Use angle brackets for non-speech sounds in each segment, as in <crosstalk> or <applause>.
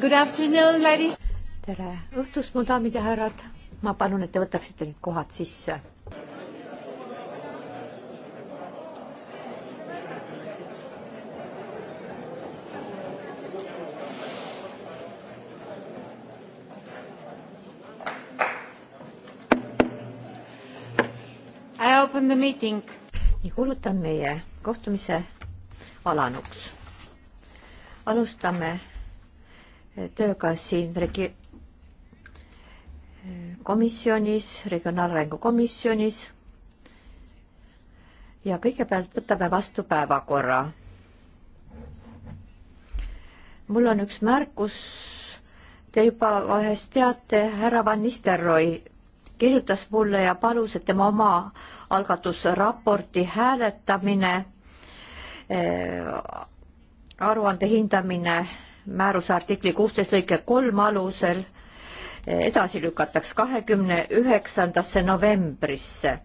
Good afternoon, ladies. tere õhtust, mu daamid ja härrad. ma palun, et te võtaksite nüüd kohad sisse. I open the meeting. nii kuulutan meie kohtumise alanuks. alustame tööga siin regi-, komisjonis, regionaalarengu komisjonis. ja kõigepealt võtame vastu päevakorra. mul on üks märkus. Te juba vahest teate, härra Van Nistelrooy kirjutas mulle ja palus, et tema oma algatusraporti hääletamine, eh, aruande hindamine määruse artikli kuusteist lõike kolm alusel edasi lükataks kahekümne üheksandasse novembrisse.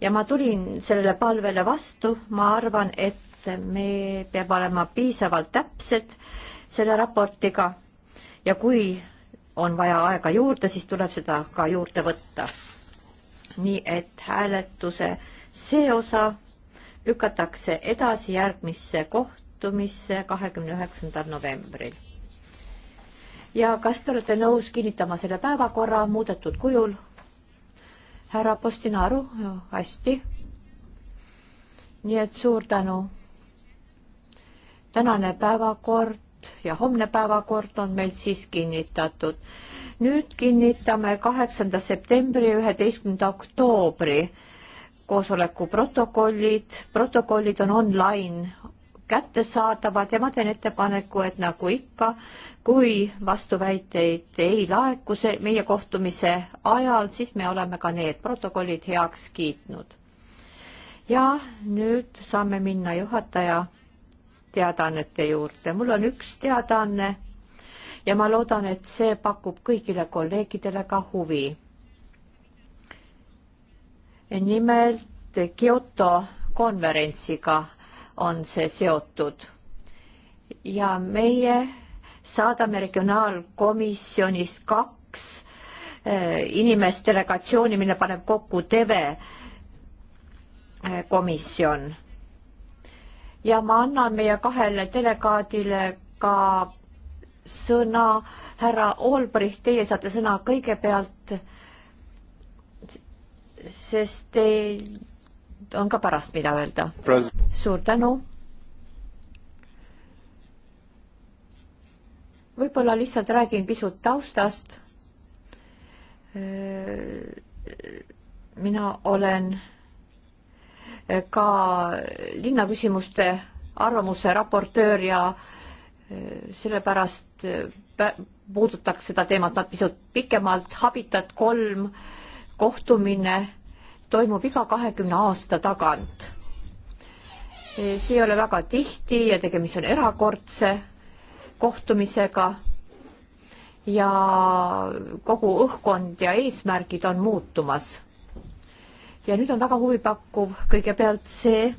ja ma tulin sellele palvele vastu, ma arvan, et me peab olema piisavalt täpsed selle raportiga ja kui on vaja aega juurde, siis tuleb seda ka juurde võtta. nii et hääletuse see osa lükatakse edasi järgmisse kohta kohtumisse kahekümne üheksandal novembril. ja kas te olete nõus kinnitama selle päevakorra muudetud kujul? härra Postinaru, hästi. nii et suur tänu. tänane päevakord ja homne päevakord on meil siis kinnitatud. nüüd kinnitame kaheksanda septembri, üheteistkümnenda oktoobri koosoleku protokollid, protokollid on online kättesaadavad ja ma teen ettepaneku, et nagu ikka, kui vastuväiteid ei laeku see meie kohtumise ajal, siis me oleme ka need protokollid heaks kiitnud. ja nüüd saame minna juhataja teadaannete juurde. mul on üks teadaanne ja ma loodan, et see pakub kõigile kolleegidele ka huvi. nimelt Kyoto konverentsiga on see seotud. ja meie saadame regionaalkomisjonist kaks eh, inimest delegatsiooni, mille paneb kokku TV eh, komisjon. ja ma annan meie kahele delegaadile ka sõna. härra Olbrich, teie saate sõna kõigepealt, sest teil on ka pärast, mida öelda. suur tänu. võib-olla lihtsalt räägin pisut taustast. Äh, mina olen ka linnaküsimuste arvamuse raportöör ja äh, sellepärast äh, puudutaks seda teemat pisut pikemalt. Habitat kolm kohtumine toimub iga kahekümne aasta tagant. see ei ole väga tihti ja tegemist on erakordse kohtumisega ja kogu õhkkond ja eesmärgid on muutumas. ja nüüd on väga huvipakkuv kõigepealt see,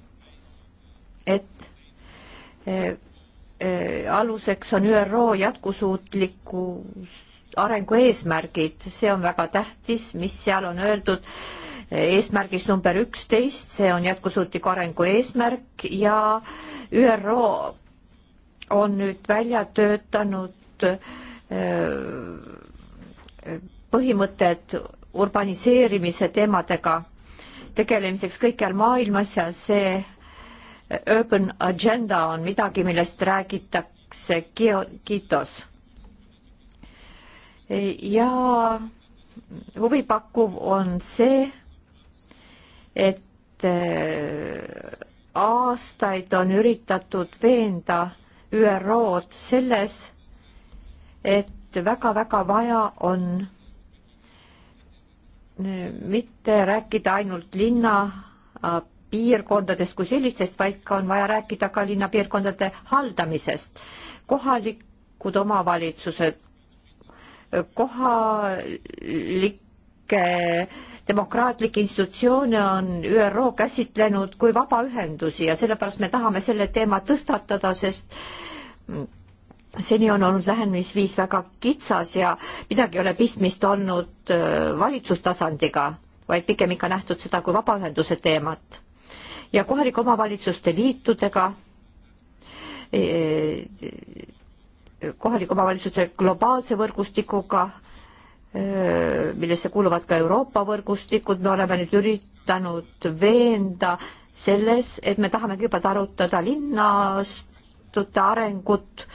et äh, äh, aluseks on ÜRO jätkusuutliku arengu eesmärgid, see on väga tähtis, mis seal on öeldud eesmärgis number üksteist, see on jätkusuutliku arengu eesmärk ja ÜRO on nüüd välja töötanud äh, põhimõtted urbaniseerimise teemadega tegelemiseks kõikjal maailmas ja see urban agenda on midagi, millest räägitakse Kyotos. ja huvipakkuv on see, et äh, aastaid on üritatud veenda ÜRO-d selles, et väga-väga vaja on äh, mitte rääkida ainult linna äh, piirkondadest kui sellistest, vaid ka on vaja rääkida ka linnapiirkondade haldamisest. kohalikud omavalitsused, kohalik kõike eh, demokraatlikke institutsioone on ÜRO käsitlenud kui vabaühendusi ja sellepärast me tahame selle teema tõstatada, sest seni on olnud lähenemisviis väga kitsas ja midagi ei ole pistmist olnud eh, valitsustasandiga, vaid pigem ikka nähtud seda kui vabaühenduse teemat. ja kohalike omavalitsuste liitudega, eh, kohalike omavalitsuste globaalse võrgustikuga millesse kuuluvad ka Euroopa võrgustikud, me oleme nüüd üritanud veenda selles, et me tahame kõigepealt arutada linnastute arengut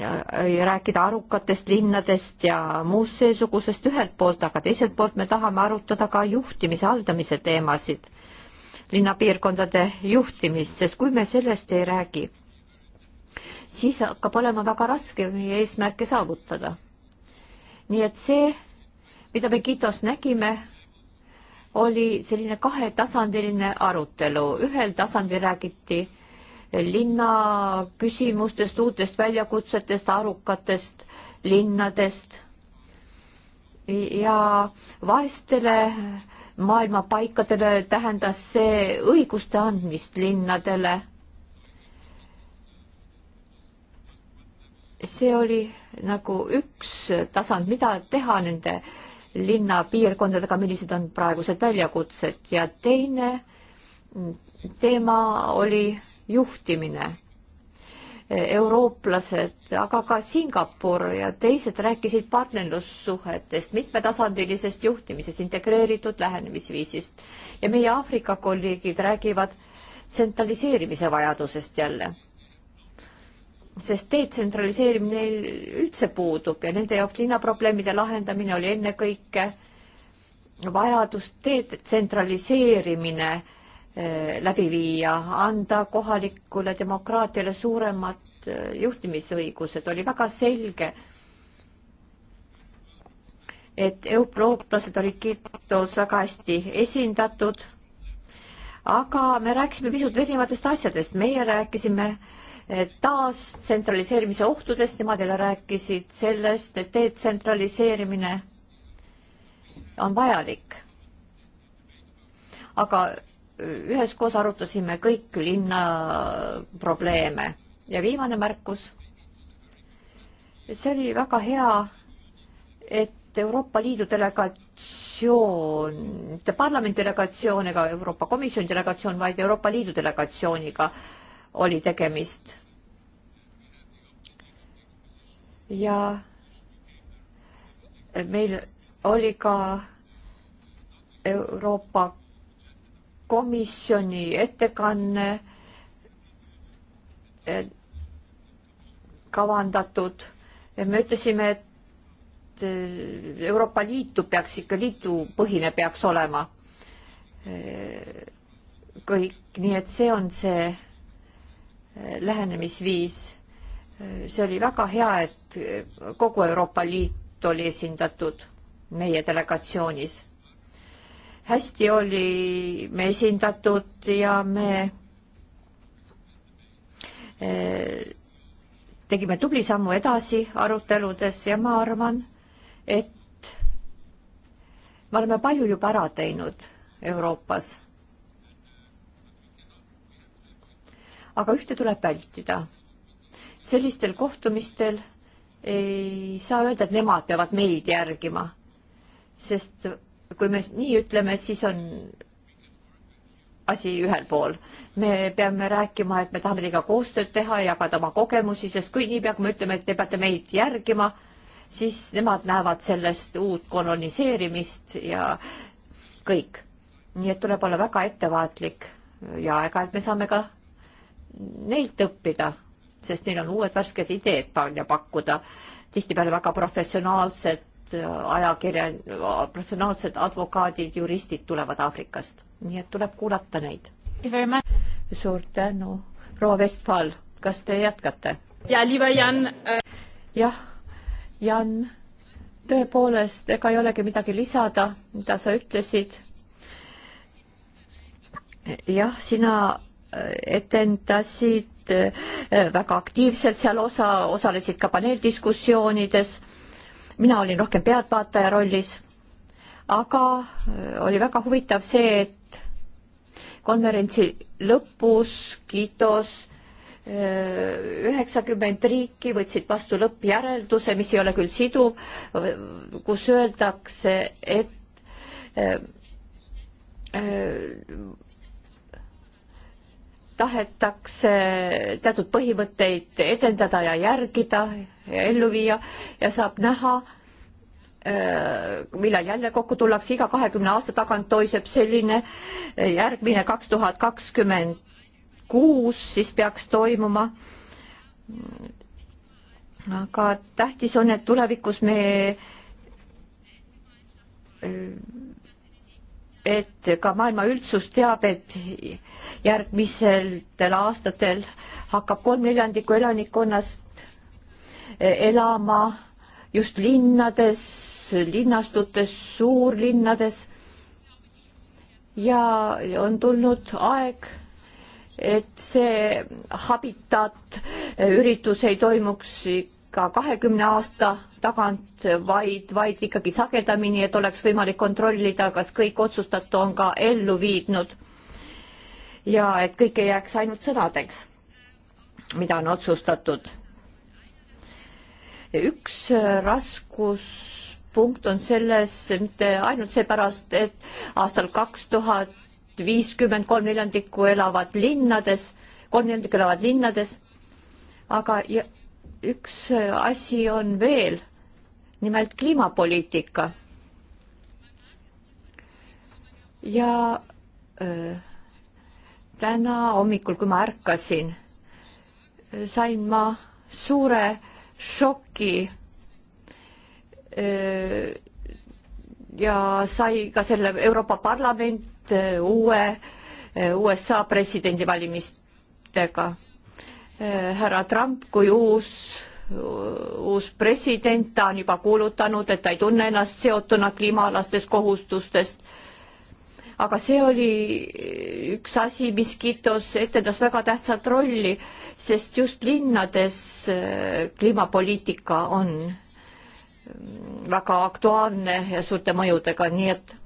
ja, ja rääkida arukatest linnadest ja muust seesugusest ühelt poolt, aga teiselt poolt me tahame arutada ka juhtimise, haldamise teemasid, linnapiirkondade juhtimist, sest kui me sellest ei räägi, siis hakkab olema väga raske meie eesmärke saavutada nii et see, mida me Kitos nägime, oli selline kahetasandiline arutelu, ühel tasandil räägiti linna küsimustest, uutest väljakutsetest, arukatest linnadest ja vaestele maailmapaikadele tähendas see õiguste andmist linnadele. see oli nagu üks tasand, mida teha nende linnapiirkondadega, millised on praegused väljakutsed ja teine teema oli juhtimine. eurooplased, aga ka Singapur ja teised rääkisid partnerlussuhetest, mitmetasandilisest juhtimisest, integreeritud lähenemisviisist ja meie Aafrika kolleegid räägivad tsentraliseerimise vajadusest jälle sest detsentraliseerimine üldse puudub ja nende jaoks linnaprobleemide lahendamine oli ennekõike vajadus detsentraliseerimine eh, läbi viia, anda kohalikule demokraatiale suuremad eh, juhtimisõigused, oli väga selge, et eurooplased olid Kitos väga hästi esindatud, aga me rääkisime pisut erinevatest asjadest, meie rääkisime äh, Eh, taastsentraliseerimise ohtudest, nemad jälle rääkisid sellest, et detsentraliseerimine on vajalik. aga eh, üheskoos arutasime kõik linna probleeme ja viimane märkus. see oli väga hea, et Euroopa Liidu delegatsioon, mitte parlamendi delegatsioon ega Euroopa Komisjoni delegatsioon, vaid Euroopa Liidu delegatsiooniga äh, oli tegemist. ja meil oli ka Euroopa Komisjoni ettekanne e, kavandatud. me ütlesime, et e, Euroopa Liitu peaks ikka, liidupõhine peaks olema e, kõik, nii et see on see lähenemisviis. see oli väga hea, et kogu Euroopa Liit oli esindatud meie delegatsioonis. hästi olime esindatud ja me eh, tegime tubli sammu edasi aruteludes ja ma arvan, et me oleme palju juba ära teinud Euroopas aga ühte tuleb vältida. sellistel kohtumistel ei saa öelda, et nemad peavad meid järgima, sest kui me nii ütleme, siis on asi ühel pool. me peame rääkima, et me tahame teiega koostööd teha ja jagada oma kogemusi, sest kui niipea, kui me ütleme, et te peate meid järgima, siis nemad näevad sellest uut koloniseerimist ja kõik. nii et tuleb olla väga ettevaatlik ja aeg-ajalt me saame ka neilt õppida, sest neil on uued värsked ideed välja pakkuda, tihtipeale väga professionaalsed äh, ajakirjan-, professionaalsed advokaadid, juristid tulevad Aafrikast, nii et tuleb kuulata neid. suur tänu, proua Vestfal, kas te jätkate? Äh, jah, Jan, tõepoolest, ega ei olegi midagi lisada, mida sa ütlesid. jah, sina etendasid äh, väga aktiivselt seal osa, osalesid ka paneeldiskussioonides. mina olin rohkem pealtvaataja rollis. aga äh, oli väga huvitav see, et konverentsi lõpus Kitos äh, üheksakümmend riiki võtsid vastu lõppjärelduse, mis ei ole küll siduv, kus öeldakse, et tahetakse teatud põhimõtteid edendada ja järgida ja ellu viia ja saab näha, äh, millal jälle kokku tullakse, iga kahekümne aasta tagant toiseb selline äh, järgmine kaks tuhat kakskümmend kuus, siis peaks toimuma. aga tähtis on, et tulevikus me äh, et ka maailma üldsus teab, et järgmisetel aastatel hakkab kolm neljandikku elanikkonnast elama just linnades, linnastutes, suurlinnades. ja on tulnud aeg, et see habitat üritus ei toimuks ka kahekümne aasta tagant, vaid, vaid ikkagi sagedamini, et oleks võimalik kontrollida, kas kõik otsustatu on ka ellu viidnud. ja et kõik ei jääks ainult sõnadeks, mida on otsustatud. üks raskuspunkt on selles mitte ainult seepärast, et aastal kaks tuhat viiskümmend kolm neljandikku elavad linnades, kolm neljandikku elavad linnades, aga üks asi on veel, nimelt kliimapoliitika. ja öö, äh, täna hommikul, kui ma ärkasin, sain ma suure šoki. Äh, ja sai ka selle Euroopa Parlament äh, uue USA presidendivalimistega Eh, härra Trump kui uus uus president, ta on juba kuulutanud, et ta ei tunne ennast seotuna kliimaalastest kohustustest. aga see oli üks asi, mis Kitos etendas väga tähtsat rolli, sest just linnades eh, kliimapoliitika on väga aktuaalne ja suurte mõjudega, nii et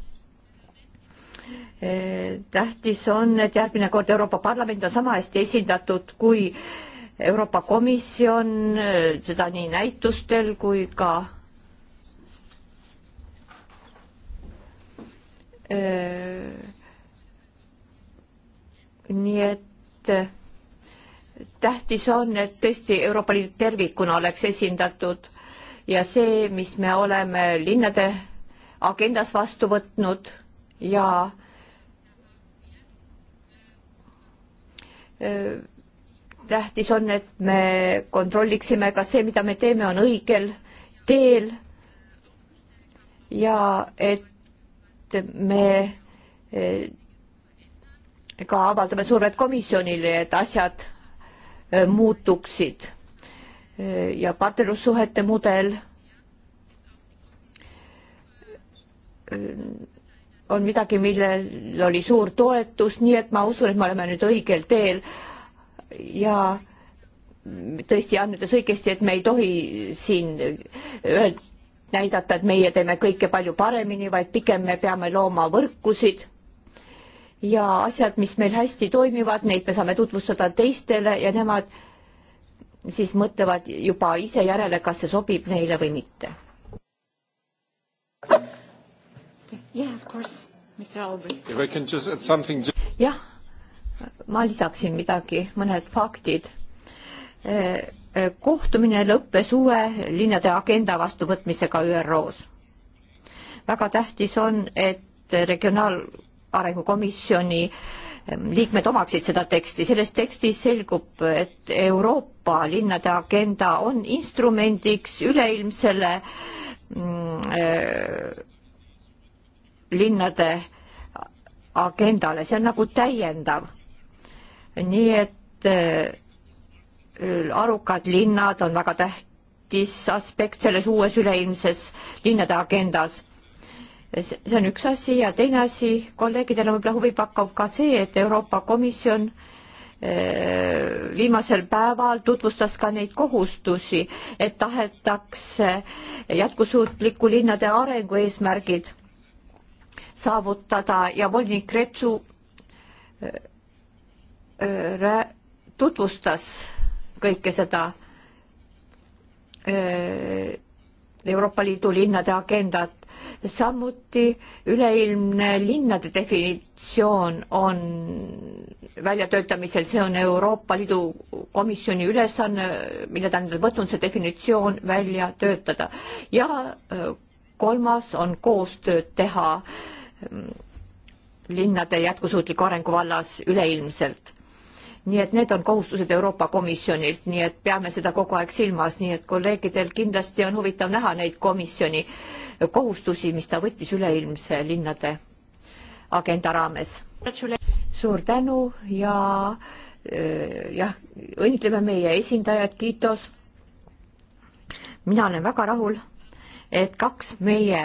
tähtis on, et järgmine kord Euroopa Parlament on sama hästi esindatud kui Euroopa Komisjon, seda nii näitustel kui ka äh, nii et äh, tähtis on, et tõesti Euroopa Liit tervikuna oleks esindatud ja see, mis me oleme linnade agendas vastu võtnud ja tähtis on, et me kontrolliksime, kas see, mida me teeme, on õigel teel ja et me eh, ka avaldame survet komisjonile, et asjad eh, muutuksid eh, ja partnerlussuhete mudel on midagi, millel oli suur toetus, nii et ma usun, et me oleme nüüd õigel teel ja tõesti, Jaan ütles õigesti, et me ei tohi siin öeld-, näidata, et meie teeme kõike palju paremini, vaid pigem me peame looma võrkusid ja asjad, mis meil hästi toimivad, neid me saame tutvustada teistele ja nemad siis mõtlevad juba ise järele, kas see sobib neile või mitte. Yeah, of course, Mr Albrecht. If I can just add something. jah, ma lisaksin midagi, mõned faktid. Eh, eh, kohtumine lõppes uue linnade agenda vastuvõtmisega ÜRO-s. väga tähtis on, et regionaalarengu komisjoni eh, liikmed omaksid seda teksti, selles tekstis selgub, et Euroopa linnade agenda on instrumendiks üleilmsele mm, linnade agendale, see on nagu täiendav. nii et äh, arukad linnad on väga tähtis aspekt selles uues üleilmses linnade agendas see on üks asi ja teine asi, kolleegidel on võib-olla huvipakkav ka see, et Euroopa Komisjon äh, viimasel päeval tutvustas ka neid kohustusi, et tahetakse jätkusuutliku linnade arengu eesmärgid saavutada ja volinik Kretsu äh, äh, tutvustas kõike seda äh, Euroopa Liidu linnade agendat. samuti üleilmne linnade definitsioon on väljatöötamisel, see on Euroopa Liidu komisjoni ülesanne, mille ta endale võtnud, see definitsioon välja töötada ja kolmas on koostööd teha äh, Mm, linnade jätkusuutliku arengu vallas üleilmselt. nii et need on kohustused Euroopa Komisjonilt, nii et peame seda kogu aeg silmas, nii et kolleegidel kindlasti on huvitav näha neid komisjoni kohustusi, mis ta võttis üleilmse linnade agenda raames. suur tänu ja äh, jah, õnnitleme meie esindajat, Kiitos. mina olen väga rahul, et kaks meie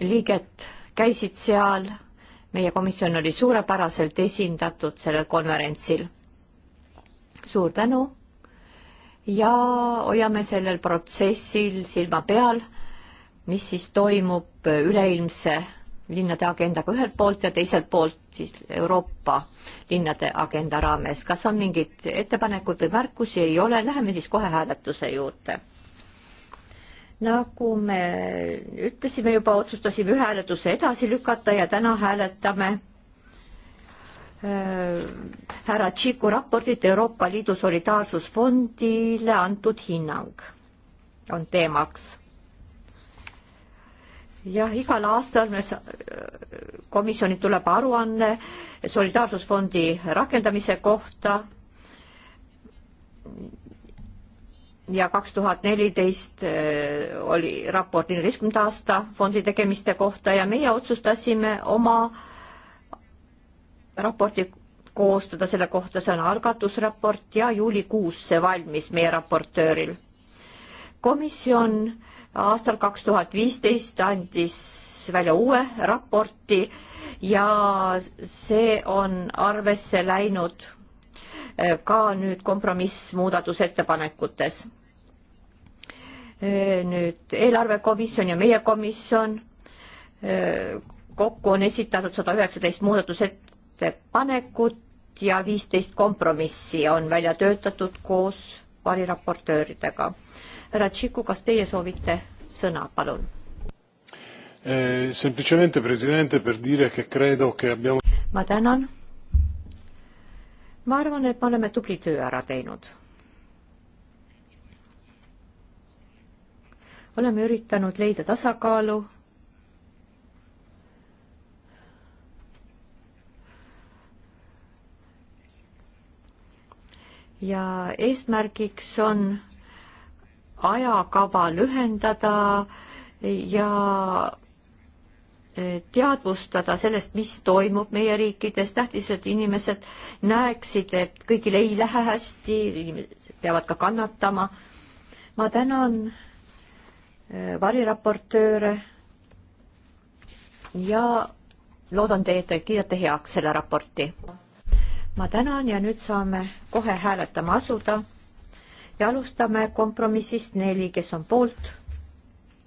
liiget käisid seal, meie komisjon oli suurepäraselt esindatud sellel konverentsil. suur tänu ja hoiame sellel protsessil silma peal, mis siis toimub üleilmse linnade agendaga ühelt poolt ja teiselt poolt siis Euroopa linnade agenda raames. kas on mingeid ettepanekuid või märkusi? ei ole, läheme siis kohe hääletuse juurde nagu me ütlesime juba, otsustasime ühe hääletuse edasi lükata ja täna hääletame äh, härra Tšiku raportit Euroopa Liidu solidaarsusfondile antud hinnang on teemaks. jah, igal aastal me komisjoni tuleb aruanne solidaarsusfondi rakendamise kohta ja kaks tuhat neliteist äh, oli raport neljateistkümnenda aasta fondi tegemiste kohta ja meie otsustasime oma raporti koostada selle kohta, see on algatusraport ja juulikuus see valmis meie raportööril. komisjon aastal kaks tuhat viisteist andis välja uue raporti ja see on arvesse läinud Äh, ka nüüd kompromissmuudatusettepanekutes. Äh, nüüd eelarvekomisjon ja meie komisjon äh, kokku on esitatud sada üheksateist muudatusettepanekut ja viisteist kompromissi on välja töötatud koos variraportööridega. härra Tšiku, kas teie soovite sõna, palun? Eh, ma tänan ma arvan, et me oleme tubli töö ära teinud. oleme üritanud leida tasakaalu ja eesmärgiks on ajakava lühendada ja teadvustada sellest, mis toimub meie riikides, tähtis, et inimesed näeksid, et kõigil ei lähe hästi, inimesed peavad ka kannatama. ma tänan äh, variraportööre ja loodan teie, et te kiidate heaks selle raporti. ma tänan ja nüüd saame kohe hääletama asuda ja alustame kompromissist neli, kes on poolt,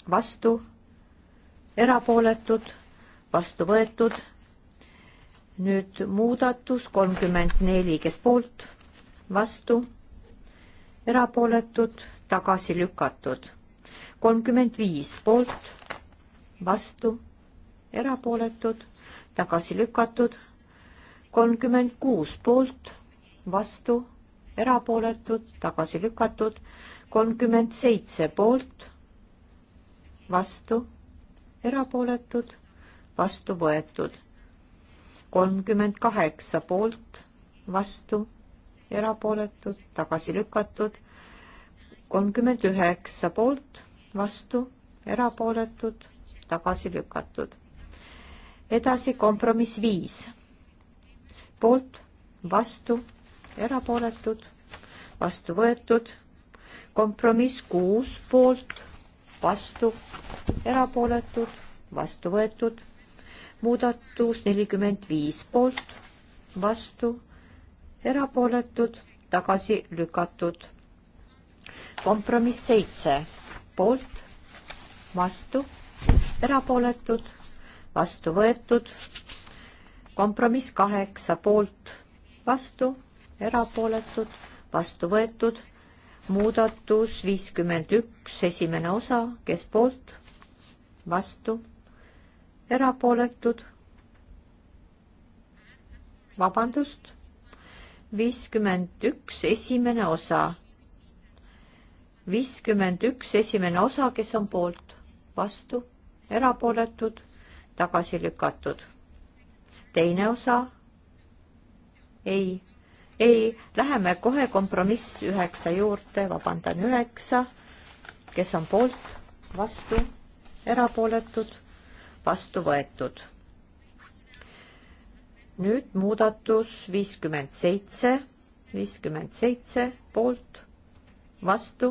vastu erapooletud, vastu võetud. nüüd muudatus kolmkümmend neli, kes poolt, vastu, erapooletud, tagasi lükatud. kolmkümmend viis poolt, vastu, erapooletud, tagasi lükatud. kolmkümmend kuus poolt, vastu, erapooletud, tagasi lükatud. kolmkümmend seitse poolt, vastu erapooletud, vastu võetud. kolmkümmend kaheksa poolt, vastu, erapooletud, tagasi lükatud. kolmkümmend üheksa poolt, vastu, erapooletud, tagasi lükatud. edasi kompromiss viis, poolt, vastu, erapooletud, vastu võetud kompromiss kuus poolt, vastu, erapooletud, vastu võetud. muudatus nelikümmend viis poolt, vastu, erapooletud, tagasi lükatud. kompromiss seitse poolt, vastu, erapooletud, vastu võetud. kompromiss kaheksa poolt, vastu, erapooletud, vastu võetud muudatus viiskümmend üks, esimene osa, kes poolt, vastu, erapooletud, vabandust, viiskümmend üks, esimene osa, viiskümmend üks, esimene osa, kes on poolt, vastu, erapooletud, tagasi lükatud. teine osa, ei ei, läheme kohe kompromiss üheksa juurde, vabandan, üheksa, kes on poolt, vastu, erapooletud, vastu võetud. nüüd muudatus viiskümmend seitse, viiskümmend seitse poolt, vastu,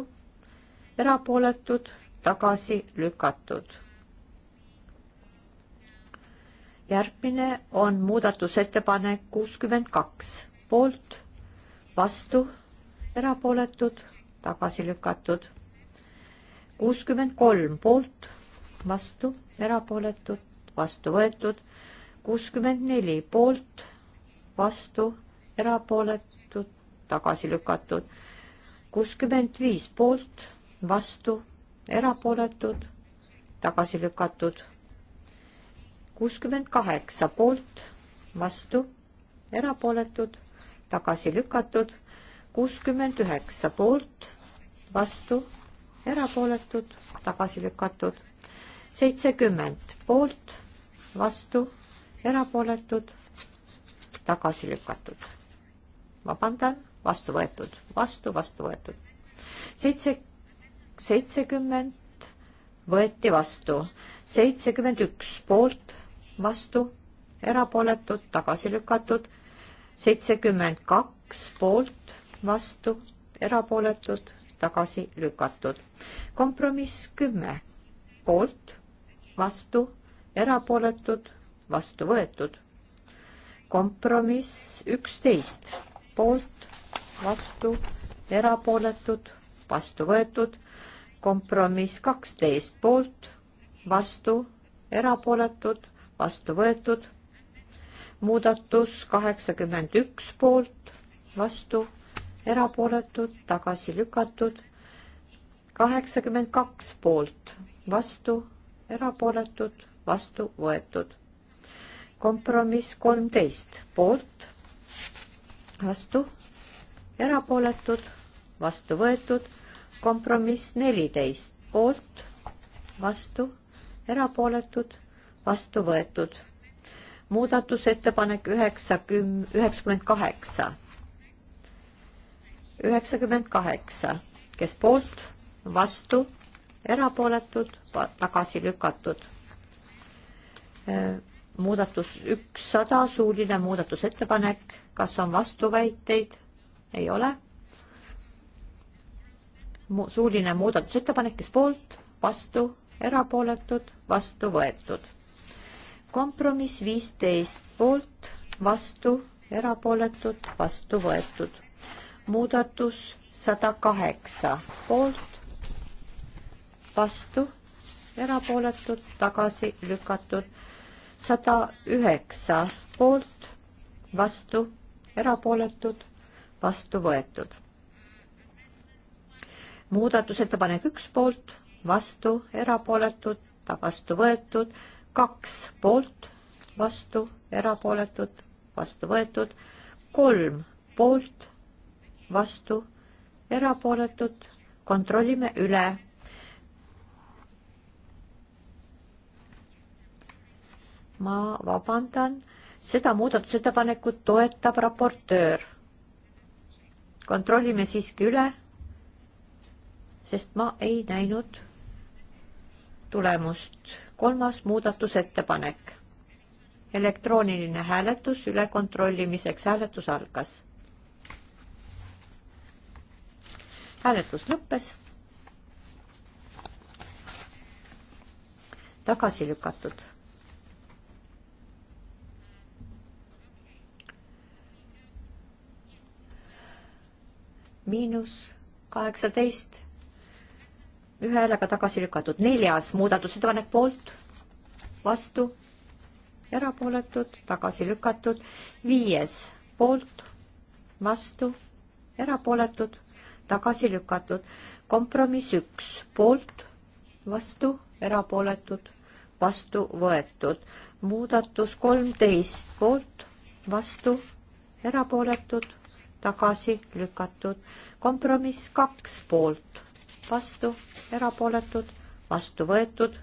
erapooletud, tagasi lükatud järgmine on muudatusettepanek kuuskümmend kaks poolt, vastu, erapooletud, tagasi lükatud. kuuskümmend kolm poolt, vastu, erapooletud, vastu võetud. kuuskümmend neli poolt, vastu, erapooletud, tagasi lükatud. kuuskümmend viis poolt, vastu, erapooletud, tagasi lükatud. kuuskümmend kaheksa poolt, vastu, erapooletud tagasi lükatud, kuuskümmend üheksa poolt, vastu, erapooletud, tagasi lükatud, seitsekümmend poolt, vastu, erapooletud, tagasi lükatud. vabandan, vastu võetud, vastu, vastu võetud. seitse, seitsekümmend võeti vastu, seitsekümmend üks poolt, vastu, erapooletud, tagasi lükatud seitsekümmend kaks poolt, vastu, erapooletud, tagasi lükatud. kompromiss kümme poolt, vastu, erapooletud, vastu võetud. kompromiss üksteist poolt, vastu, erapooletud, vastu võetud. kompromiss kaksteist poolt, vastu, erapooletud, vastu võetud muudatus kaheksakümmend üks poolt, vastu, erapooletud, tagasi lükatud. kaheksakümmend kaks poolt, vastu, erapooletud, vastu võetud. kompromiss kolmteist poolt, vastu, erapooletud, vastu võetud. kompromiss neliteist poolt, vastu, erapooletud, vastu võetud muudatusettepanek üheksakümmend, üheksakümmend kaheksa. üheksakümmend kaheksa, kes poolt, vastu, erapooletud, tagasi lükatud. Äh, muudatus ükssada, suuline muudatusettepanek, kas on vastuväiteid? ei ole. suuline muudatusettepanek, kes poolt, vastu, erapooletud, vastu võetud kompromiss viisteist poolt, vastu, erapooletud, vastu võetud. muudatus sada kaheksa poolt, vastu, erapooletud, tagasi lükatud. sada üheksa poolt, vastu, erapooletud, vastu võetud. muudatusettepanek üks poolt, vastu, erapooletud, vastu võetud kaks poolt, vastu, erapooletud, vastu võetud, kolm poolt, vastu, erapooletud, kontrollime üle. ma vabandan, seda muudatusettepanekut toetab raportöör. kontrollime siiski üle, sest ma ei näinud tulemust kolmas muudatusettepanek. elektrooniline hääletus üle kontrollimiseks, hääletus algas. hääletus lõppes. tagasi lükatud. miinus kaheksateist ühe häälega tagasi lükatud. neljas muudatusettepanek poolt, vastu, erapooletud, tagasi lükatud. viies poolt, vastu, erapooletud, tagasi lükatud. kompromiss üks poolt, vastu, erapooletud, vastu võetud. muudatus kolmteist poolt, vastu, erapooletud, tagasi lükatud. kompromiss kaks poolt vastu, erapooletud, vastu võetud.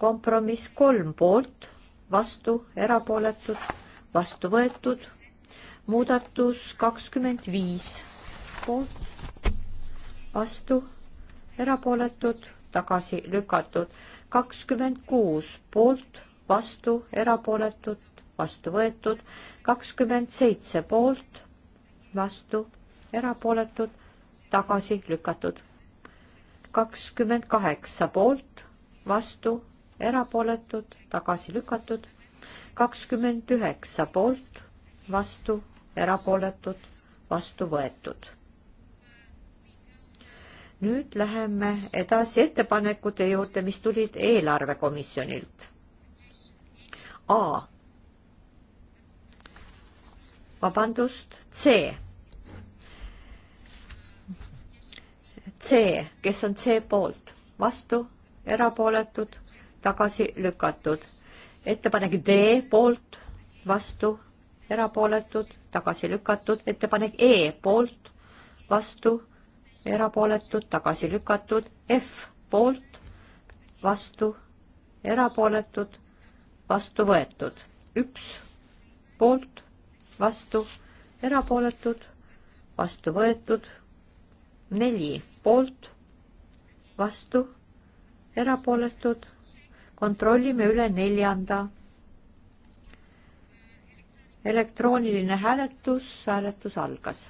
kompromiss kolm poolt, vastu, erapooletud, vastu võetud. muudatus kakskümmend viis poolt, vastu, erapooletud, tagasi lükatud. kakskümmend kuus poolt, vastu, erapooletud, vastu võetud. kakskümmend seitse poolt, vastu, erapooletud, tagasi lükatud kakskümmend kaheksa poolt, vastu, erapooletud, tagasi lükatud. kakskümmend üheksa poolt, vastu, erapooletud, vastu võetud. nüüd läheme edasi ettepanekute juurde, mis tulid eelarvekomisjonilt. A. vabandust, C C, kes on C poolt, vastu, erapooletud, tagasi lükatud. ettepanek D poolt, vastu, erapooletud, tagasi lükatud. ettepanek E poolt, vastu, erapooletud, tagasi lükatud. F poolt, vastu, erapooletud, vastu võetud. üks poolt, vastu, erapooletud, vastu võetud. neli poolt, vastu, erapooletud, kontrollime üle neljanda. elektrooniline hääletus, hääletus algas.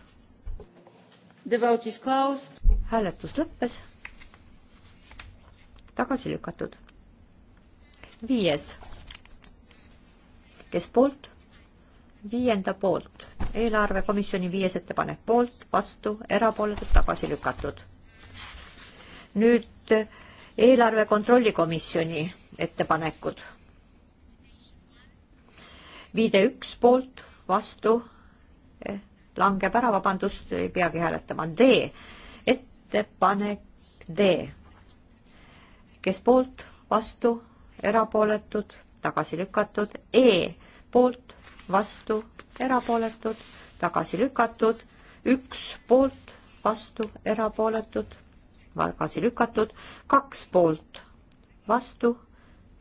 hääletus lõppes. tagasi lükatud. viies, kes poolt? viienda poolt, eelarvekomisjoni viies ettepanek poolt, vastu, erapooletud, tagasi lükatud nüüd eelarve kontrollikomisjoni ettepanekud. viide üks poolt, vastu, eh, langeb ära, vabandust, ei peagi hääletama, D, ettepanek D. kes poolt, vastu, erapooletud, tagasi lükatud, E poolt, vastu, erapooletud, tagasi lükatud, üks poolt, vastu, erapooletud tagasi lükatud, kaks poolt vastu,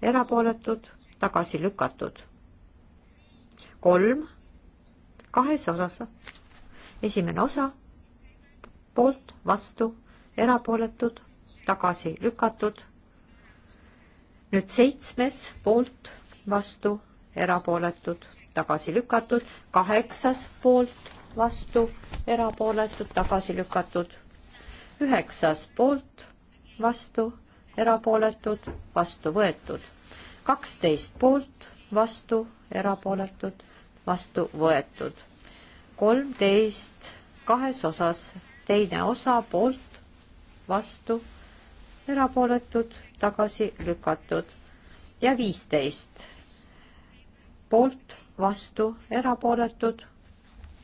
erapooletud, tagasi lükatud. kolm kahes osas. esimene osa poolt vastu, erapooletud, tagasi lükatud. nüüd seitsmes poolt vastu, erapooletud, tagasi lükatud, kaheksas poolt vastu, erapooletud, tagasi lükatud üheksas poolt, vastu, erapooletud, vastu võetud. kaksteist poolt, vastu, erapooletud, vastu võetud. kolmteist kahes osas, teine osa poolt, vastu, erapooletud, tagasi lükatud. ja viisteist poolt, vastu, erapooletud,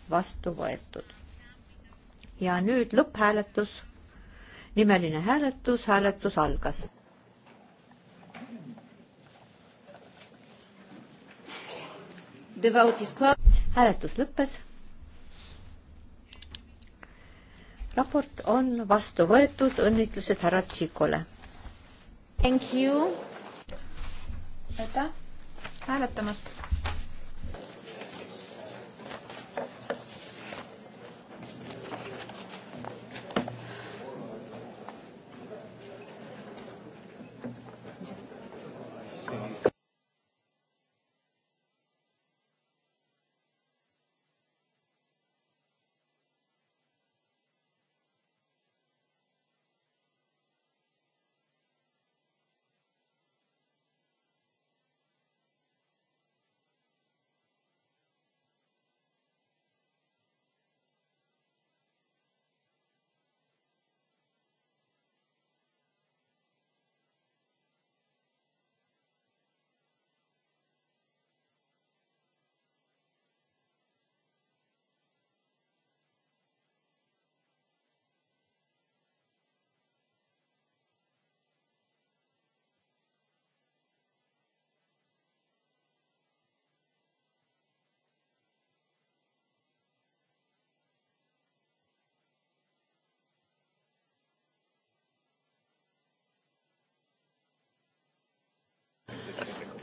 vastu võetud. ja nüüd lõpphääletus nimeline hääletus, hääletus algas. hääletus lõppes. raport on vastu võetud, õnnitlused härra Tšikole. Thank you. aitäh hääletamast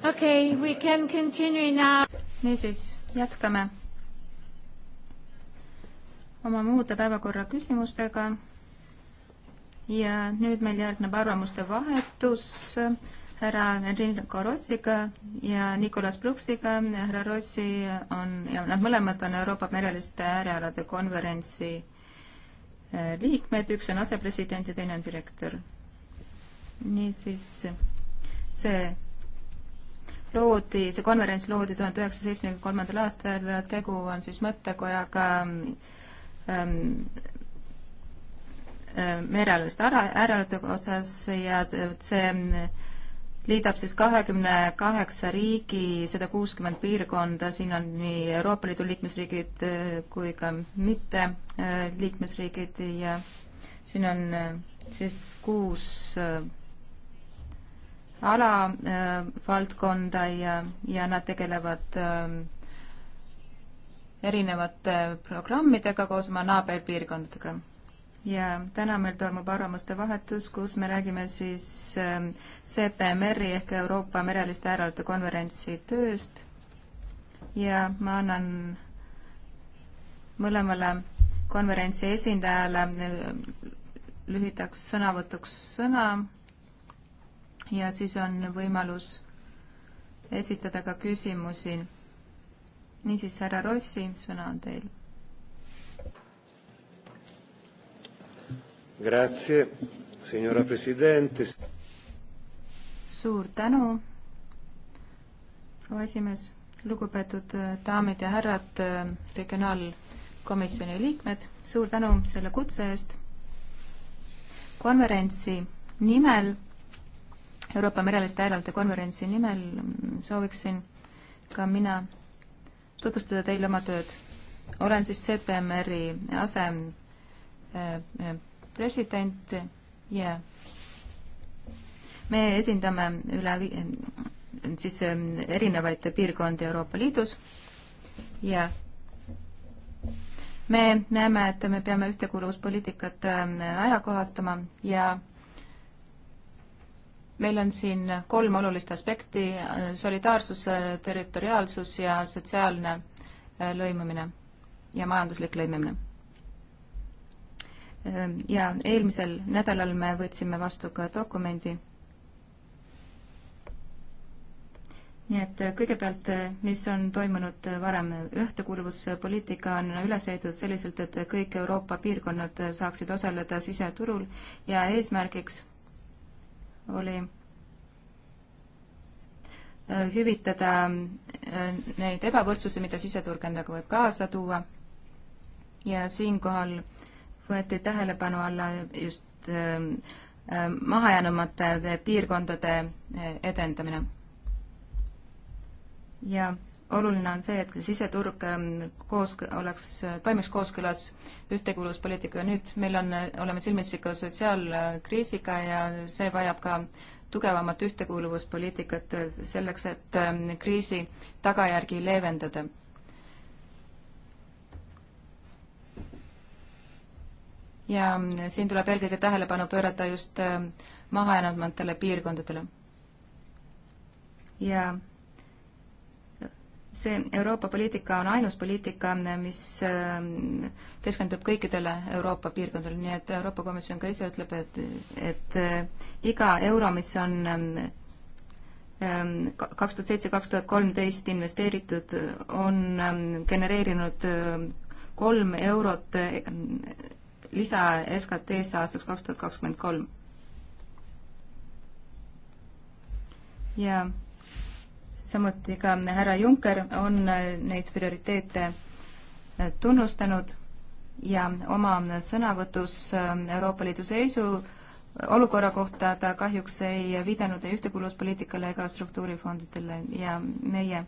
okei okay,, we can continue now. niisiis, jätkame oma muude päevakorra küsimustega. ja nüüd meil järgneb arvamuste vahetus härra Enrico Rossiga ja Nicolas Pluksiga. härra Rossi on ja nad mõlemad on Euroopa mereliste äärealade konverentsi äh, liikmed, üks on asepresident ja teine on direktor. niisiis see loodi, see konverents loodi tuhande üheksasaja seitsmekümne kolmandal aastal, tegu on siis mõttekojaga ähm, ähm merealuste äärealade osas ja see liidab siis kahekümne kaheksa riigi, sada kuuskümmend piirkonda, siin on nii Euroopa Liidu liikmesriigid äh, kui ka mitte äh, liikmesriigid ja siin on äh, siis kuus alavaldkonda ja, ja nad tegelevad ähm, erinevate programmidega koos oma naaberpiirkondadega. ja täna meil toimub arvamuste vahetus, kus me räägime siis ähm, CPMR-i ehk Euroopa mereliste äärelate konverentsi tööst ja ma annan mõlemale konverentsi esindajale äh, lühidaks sõnavõtuks sõna ja siis on võimalus esitada ka küsimusi. niisiis, härra Rossi, sõna on teil. Grazie, signora presidente. suur tänu, proua esimees, lugupeetud daamid ja härrad, regionaalkomisjoni liikmed, suur tänu selle kutse eest. konverentsi nimel Euroopa mereliste häälete konverentsi nimel sooviksin ka mina tutvustada teile oma tööd. olen siis CPMR-i asepresident äh, ja me esindame üle siis äh, erinevaid piirkondi Euroopa Liidus ja me näeme, et me peame ühtekuuluvuspoliitikat äh, ajakohastama ja meil on siin kolm olulist aspekti, solidaarsus, territoriaalsus ja sotsiaalne äh, lõimumine ja majanduslik lõimimine. Äh, ja eelmisel nädalal me võtsime vastu ka dokumendi. nii et äh, kõigepealt, mis on toimunud varem, ühtekuuluvuspoliitika on üles ehitatud selliselt, et kõik Euroopa piirkonnad saaksid osaleda siseturul ja eesmärgiks oli äh, hüvitada äh, neid ebavõrdsusi, mida siseturg endaga võib kaasa tuua ja siinkohal võeti tähelepanu alla just äh, mahajäänumate piirkondade edendamine. ja oluline on see, et siseturg ähm, koos, oleks, toimiks kooskõlas ühtekuuluvuspoliitikaga. nüüd meil on, oleme silmitsi ka sotsiaalkriisiga ja see vajab ka tugevamat ühtekuuluvuspoliitikat selleks, et ähm, kriisi tagajärgi leevendada. ja ähm, siin tuleb eelkõige tähelepanu pöörata just mahajäänumatele piirkondadele. ja see Euroopa poliitika on ainus poliitika, mis ähm, keskendub kõikidele Euroopa piirkondadele, nii et Euroopa Komisjon ka ise ütleb, et, et äh, iga euro, mis on ähm, ähm, kaks tuhat seitse, kaks tuhat kolmteist investeeritud, on genereerinud äh, kolm eurot äh, lisa SKT-sse aastaks kaks tuhat kakskümmend kolm. ja samuti ka härra Juncker on äh, neid prioriteete äh, tunnustanud ja oma sõnavõtus äh, Euroopa Liidu seisu olukorra kohta ta kahjuks ei viidanud ei ühtekuuluvuspoliitikale ega struktuurifondidele ja meie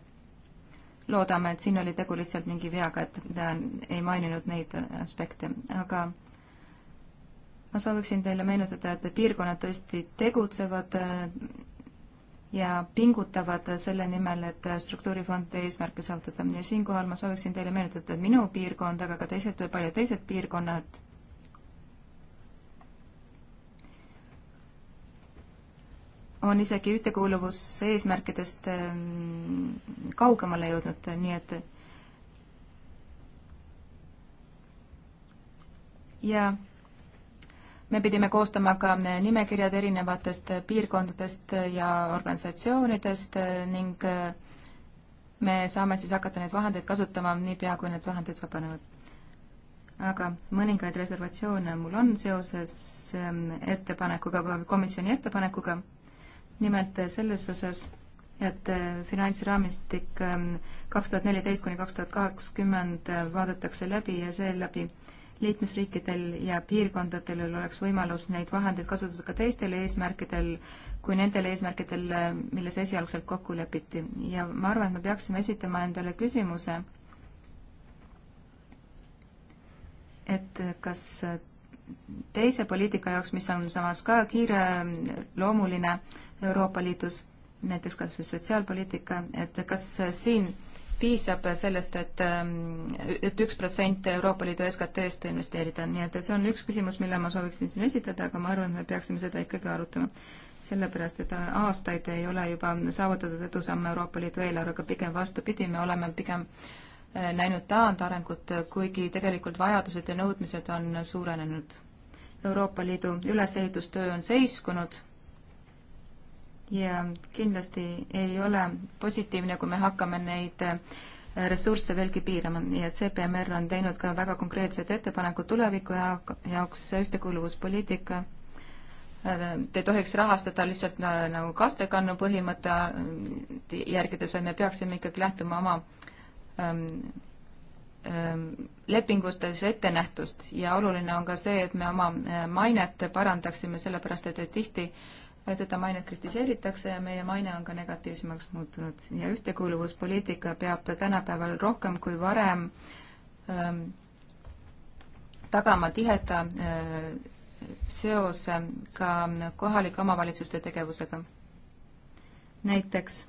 loodame, et siin oli tegu lihtsalt mingi veaga, et ta ei maininud neid aspekte, aga ma sooviksin teile meenutada, et piirkonnad tõesti tegutsevad ja pingutavad selle nimel, et struktuurifondi eesmärke saavutada. ja siinkohal ma sooviksin teile meenutada, et minu piirkond, aga ka teised, paljud teised piirkonnad on isegi ühtekuuluvuseesmärkidest mm, kaugemale jõudnud, nii et ja me pidime koostama ka nimekirjad erinevatest piirkondadest ja organisatsioonidest ning eh, me saame siis hakata neid vahendeid kasutama niipea, kui need vahendid vabanevad. aga mõningaid reservatsioone mul on seoses eh, ettepanekuga, komisjoni ettepanekuga, nimelt eh, selles osas, et finantsraamistik kaks tuhat neliteist kuni kaks tuhat kaheksakümmend vaadatakse läbi ja seeläbi liikmesriikidel ja piirkondadel oleks võimalus neid vahendeid kasutada ka teistel eesmärkidel kui nendel eesmärkidel, milles esialgselt kokku lepiti. ja ma arvan, et me peaksime esitama endale küsimuse, et kas teise poliitika jaoks, mis on samas ka kiireloomuline Euroopa Liidus, näiteks kas või sotsiaalpoliitika, et kas siin piisab sellest et, et, ähm, et üks protsent Euroopa Liidu SKT-st investeerida, nii et see on üks küsimus, mille ma sooviksin siin esitada, aga ma arvan, et me peaksime seda ikkagi arutama. sellepärast, et aastaid ei ole juba saavutatud edusamme Euroopa Liidu eelarvega, pigem vastupidi, me oleme pigem äh, näinud taandarengut, kuigi tegelikult vajadused ja nõudmised on suurenenud. Euroopa Liidu ülesehitustöö on seiskunud ja kindlasti ei ole positiivne, kui me hakkame neid äh, ressursse veelgi piirama, nii et CPMR on teinud ka väga konkreetsed ettepanekud tuleviku jaoks ühtekuuluvuspoliitika. Äh, te ei tohiks rahastada lihtsalt äh, nagu kastekannu põhimõtte järgides, vaid me peaksime ikkagi lähtuma oma ähm, ähm, lepingustes ettenähtust ja oluline on ka see, et me oma mainet parandaksime, sellepärast et tihti äh, seda mainet kritiseeritakse ja meie maine on ka negatiivsemaks muutunud ja ühtekuuluvuspoliitika peab tänapäeval rohkem kui varem ähm, tagama tiheda äh, seose ka kohalike omavalitsuste tegevusega. näiteks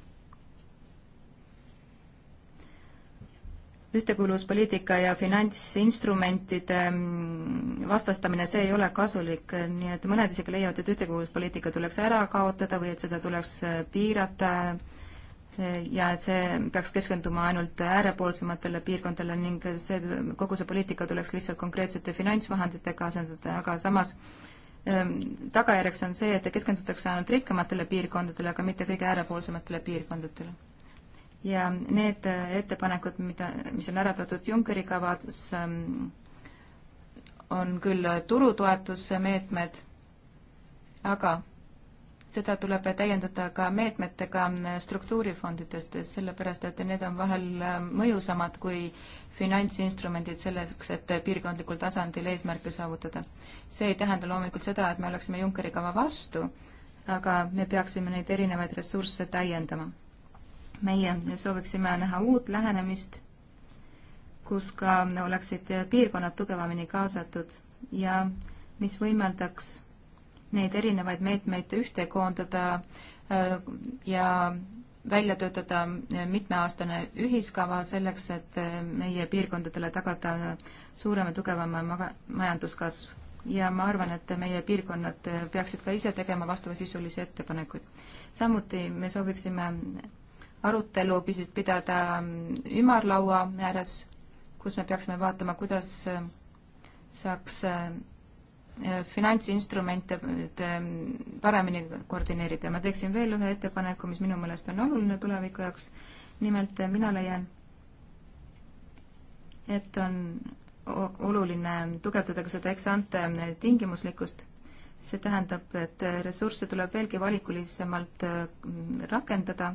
ühtekuuluvuspoliitika ja finantsinstrumentide mm, vastastamine, see ei ole kasulik, nii et mõned isegi leiavad, et ühtekuuluvuspoliitika tuleks ära kaotada või et seda tuleks äh, piirata äh, ja et see peaks keskenduma ainult äärepoolsematele piirkondadele ning see, kogu see poliitika tuleks lihtsalt konkreetsete finantsvahenditega asendada, aga samas ähm, tagajärjeks on see, et keskendutakse ainult rikkamatele piirkondadele, aga mitte kõige äärepoolsematele piirkondadele ja need äh, ettepanekud, mida, mis on ära toodud Junckeri kavas, ähm, on küll äh, turutoetusmeetmed, aga seda tuleb täiendada ka meetmetega äh, struktuurifondidest, sellepärast et need on vahel mõjusamad kui finantsinstrumendid selleks, et piirkondlikul tasandil eesmärke saavutada. see ei tähenda loomulikult seda, et me oleksime Junckeri kava vastu, aga me peaksime neid erinevaid ressursse täiendama meie sooviksime näha uut lähenemist, kus ka oleksid piirkonnad tugevamini kaasatud ja mis võimaldaks neid erinevaid meetmeid ühte koondada äh, ja välja töötada mitmeaastane ühiskava selleks, et meie piirkondadele tagada suurem ja tugevam majanduskasv. ja ma arvan, et meie piirkonnad peaksid ka ise tegema vastavasisulisi ettepanekuid. samuti me sooviksime arutelu pisut pidada mm, ümarlaua ääres, kus me peaksime vaatama, kuidas mm, saaks mm, äh, finantsinstrumente paremini koordineerida. ma teeksin veel ühe ettepaneku, mis minu meelest on oluline tuleviku jaoks. nimelt äh, mina leian, et on oluline tugevdada ka seda ex-ante tingimuslikkust. see tähendab, et äh, ressursse tuleb veelgi valikulisemalt rakendada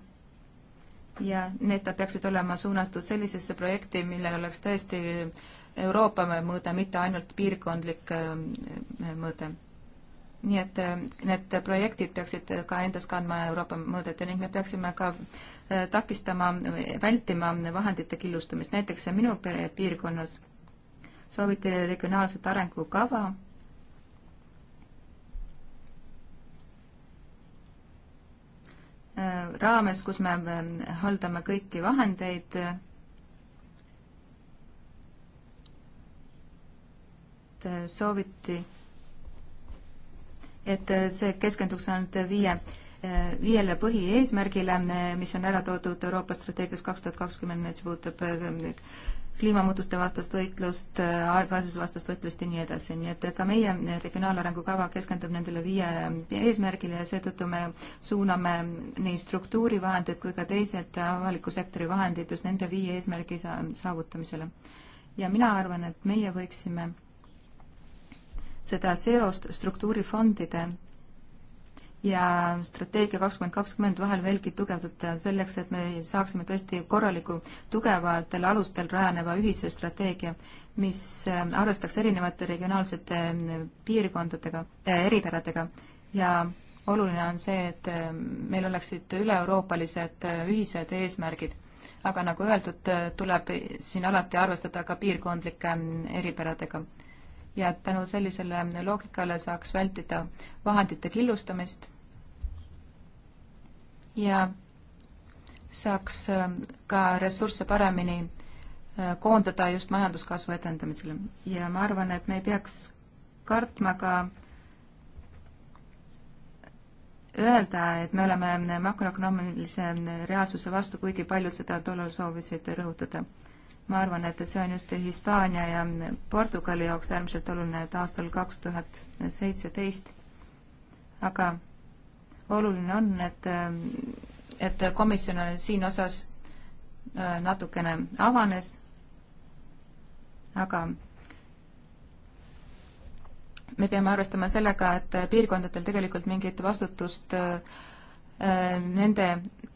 ja need peaksid olema suunatud sellisesse projekti, millel oleks tõesti Euroopa mõõde, mitte ainult piirkondlik äh, mõõde. nii et äh, need projektid peaksid ka endas kandma Euroopa mõõdet ja ning me peaksime ka äh, takistama, vältima vahendite killustamist, näiteks minu piirkonnas sooviti regionaalset arengukava raames, kus me haldame kõiki vahendeid. sooviti, et see keskenduks ainult viie, viiele põhieesmärgile, mis on ära toodud Euroopa strateegias kaks tuhat kakskümmend, see puudutab kliimamuutuste vastast võitlust, vaesusevastast võitlust ja nii edasi, nii et ka meie regionaalarengu kava keskendub nendele viiele eesmärgile ja seetõttu me suuname nii struktuurivahendeid kui ka teised avaliku sektori vahendid just nende viie eesmärgi saavutamisele. ja mina arvan, et meie võiksime seda seost struktuurifondide ja strateegia kakskümmend kakskümmend vahel veelgi tugevdada selleks, et me saaksime tõesti korraliku, tugevatel alustel rajaneva ühise strateegia, mis äh, arvestaks erinevate regionaalsete äh, piirkondadega äh,, eripäradega ja oluline on see, et äh, meil oleksid üle-euroopalised ühised eesmärgid. aga nagu öeldud, tuleb siin alati arvestada ka piirkondlike eripäradega ja et tänu sellisele loogikale saaks vältida vahendite killustamist ja saaks äh, ka ressursse paremini äh, koondada just majanduskasvu edendamisele. ja ma arvan, et me ei peaks kartma ka öelda, et me oleme makroökonoomilise reaalsuse vastu, kuigi paljud seda tollal soovisid rõhutada ma arvan, et see on just Hispaania ja Portugali jaoks äärmiselt oluline, et aastal kaks tuhat seitseteist, aga oluline on, et, et komisjon siin osas äh, natukene avanes, aga me peame arvestama sellega, et piirkondadel tegelikult mingit vastutust äh, nende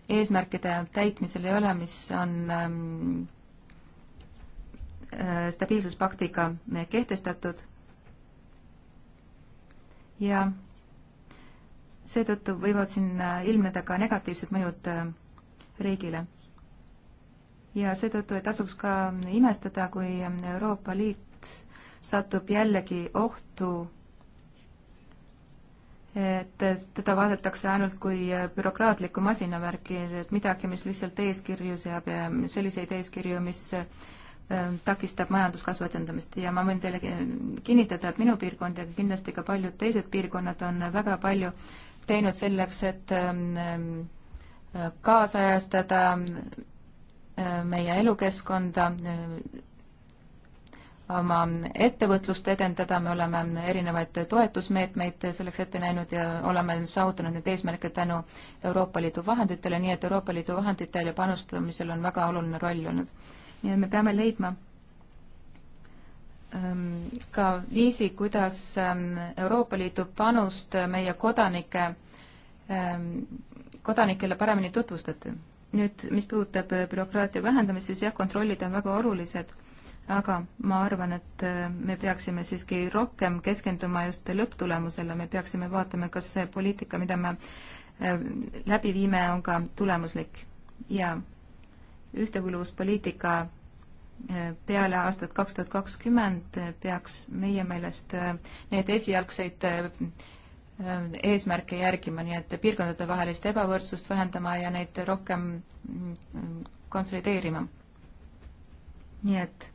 eesmärkide täitmisel ei ole, mis on ähm, stabiilsuspaktiga kehtestatud ja seetõttu võivad siin ilmneda ka negatiivsed mõjud äh, riigile. ja seetõttu ei tasuks ka imestada, kui Euroopa Liit satub jällegi ohtu, et teda vaadatakse ainult kui bürokraatlikku masinavärki, et midagi, mis lihtsalt eeskirju seab ja selliseid eeskirju, mis Ähm, takistab majanduskasvu edendamist ja ma võin teile kinnitada, et minu piirkond ja kindlasti ka paljud teised piirkonnad on väga palju teinud selleks, et ähm, ähm, kaasajastada meie elukeskkonda, äh, oma ettevõtlust edendada, me oleme erinevaid toetusmeetmeid selleks ette näinud ja oleme saavutanud need eesmärke tänu Euroopa Liidu vahenditele, nii et Euroopa Liidu vahenditele panustamisel on väga oluline roll olnud nii et me peame leidma ähm, ka viisi, kuidas ähm, Euroopa Liidu panust äh, meie kodanike, ähm, kodanikele paremini tutvustati. nüüd, mis puudutab äh, bürokraatia vähendamist, siis jah, kontrollid on väga olulised, aga ma arvan, et äh, me peaksime siiski rohkem keskenduma just lõpptulemusele, me peaksime vaatama, kas see poliitika, mida me läbi viime, on ka tulemuslik ja ühtekuuluvuspoliitika eh, peale aastat kaks tuhat kakskümmend eh, peaks meie meelest eh, need esialgseid eesmärke järgima, nii et piirkondade vahelist ebavõrdsust vähendama ja neid rohkem mm, konsolideerima. nii et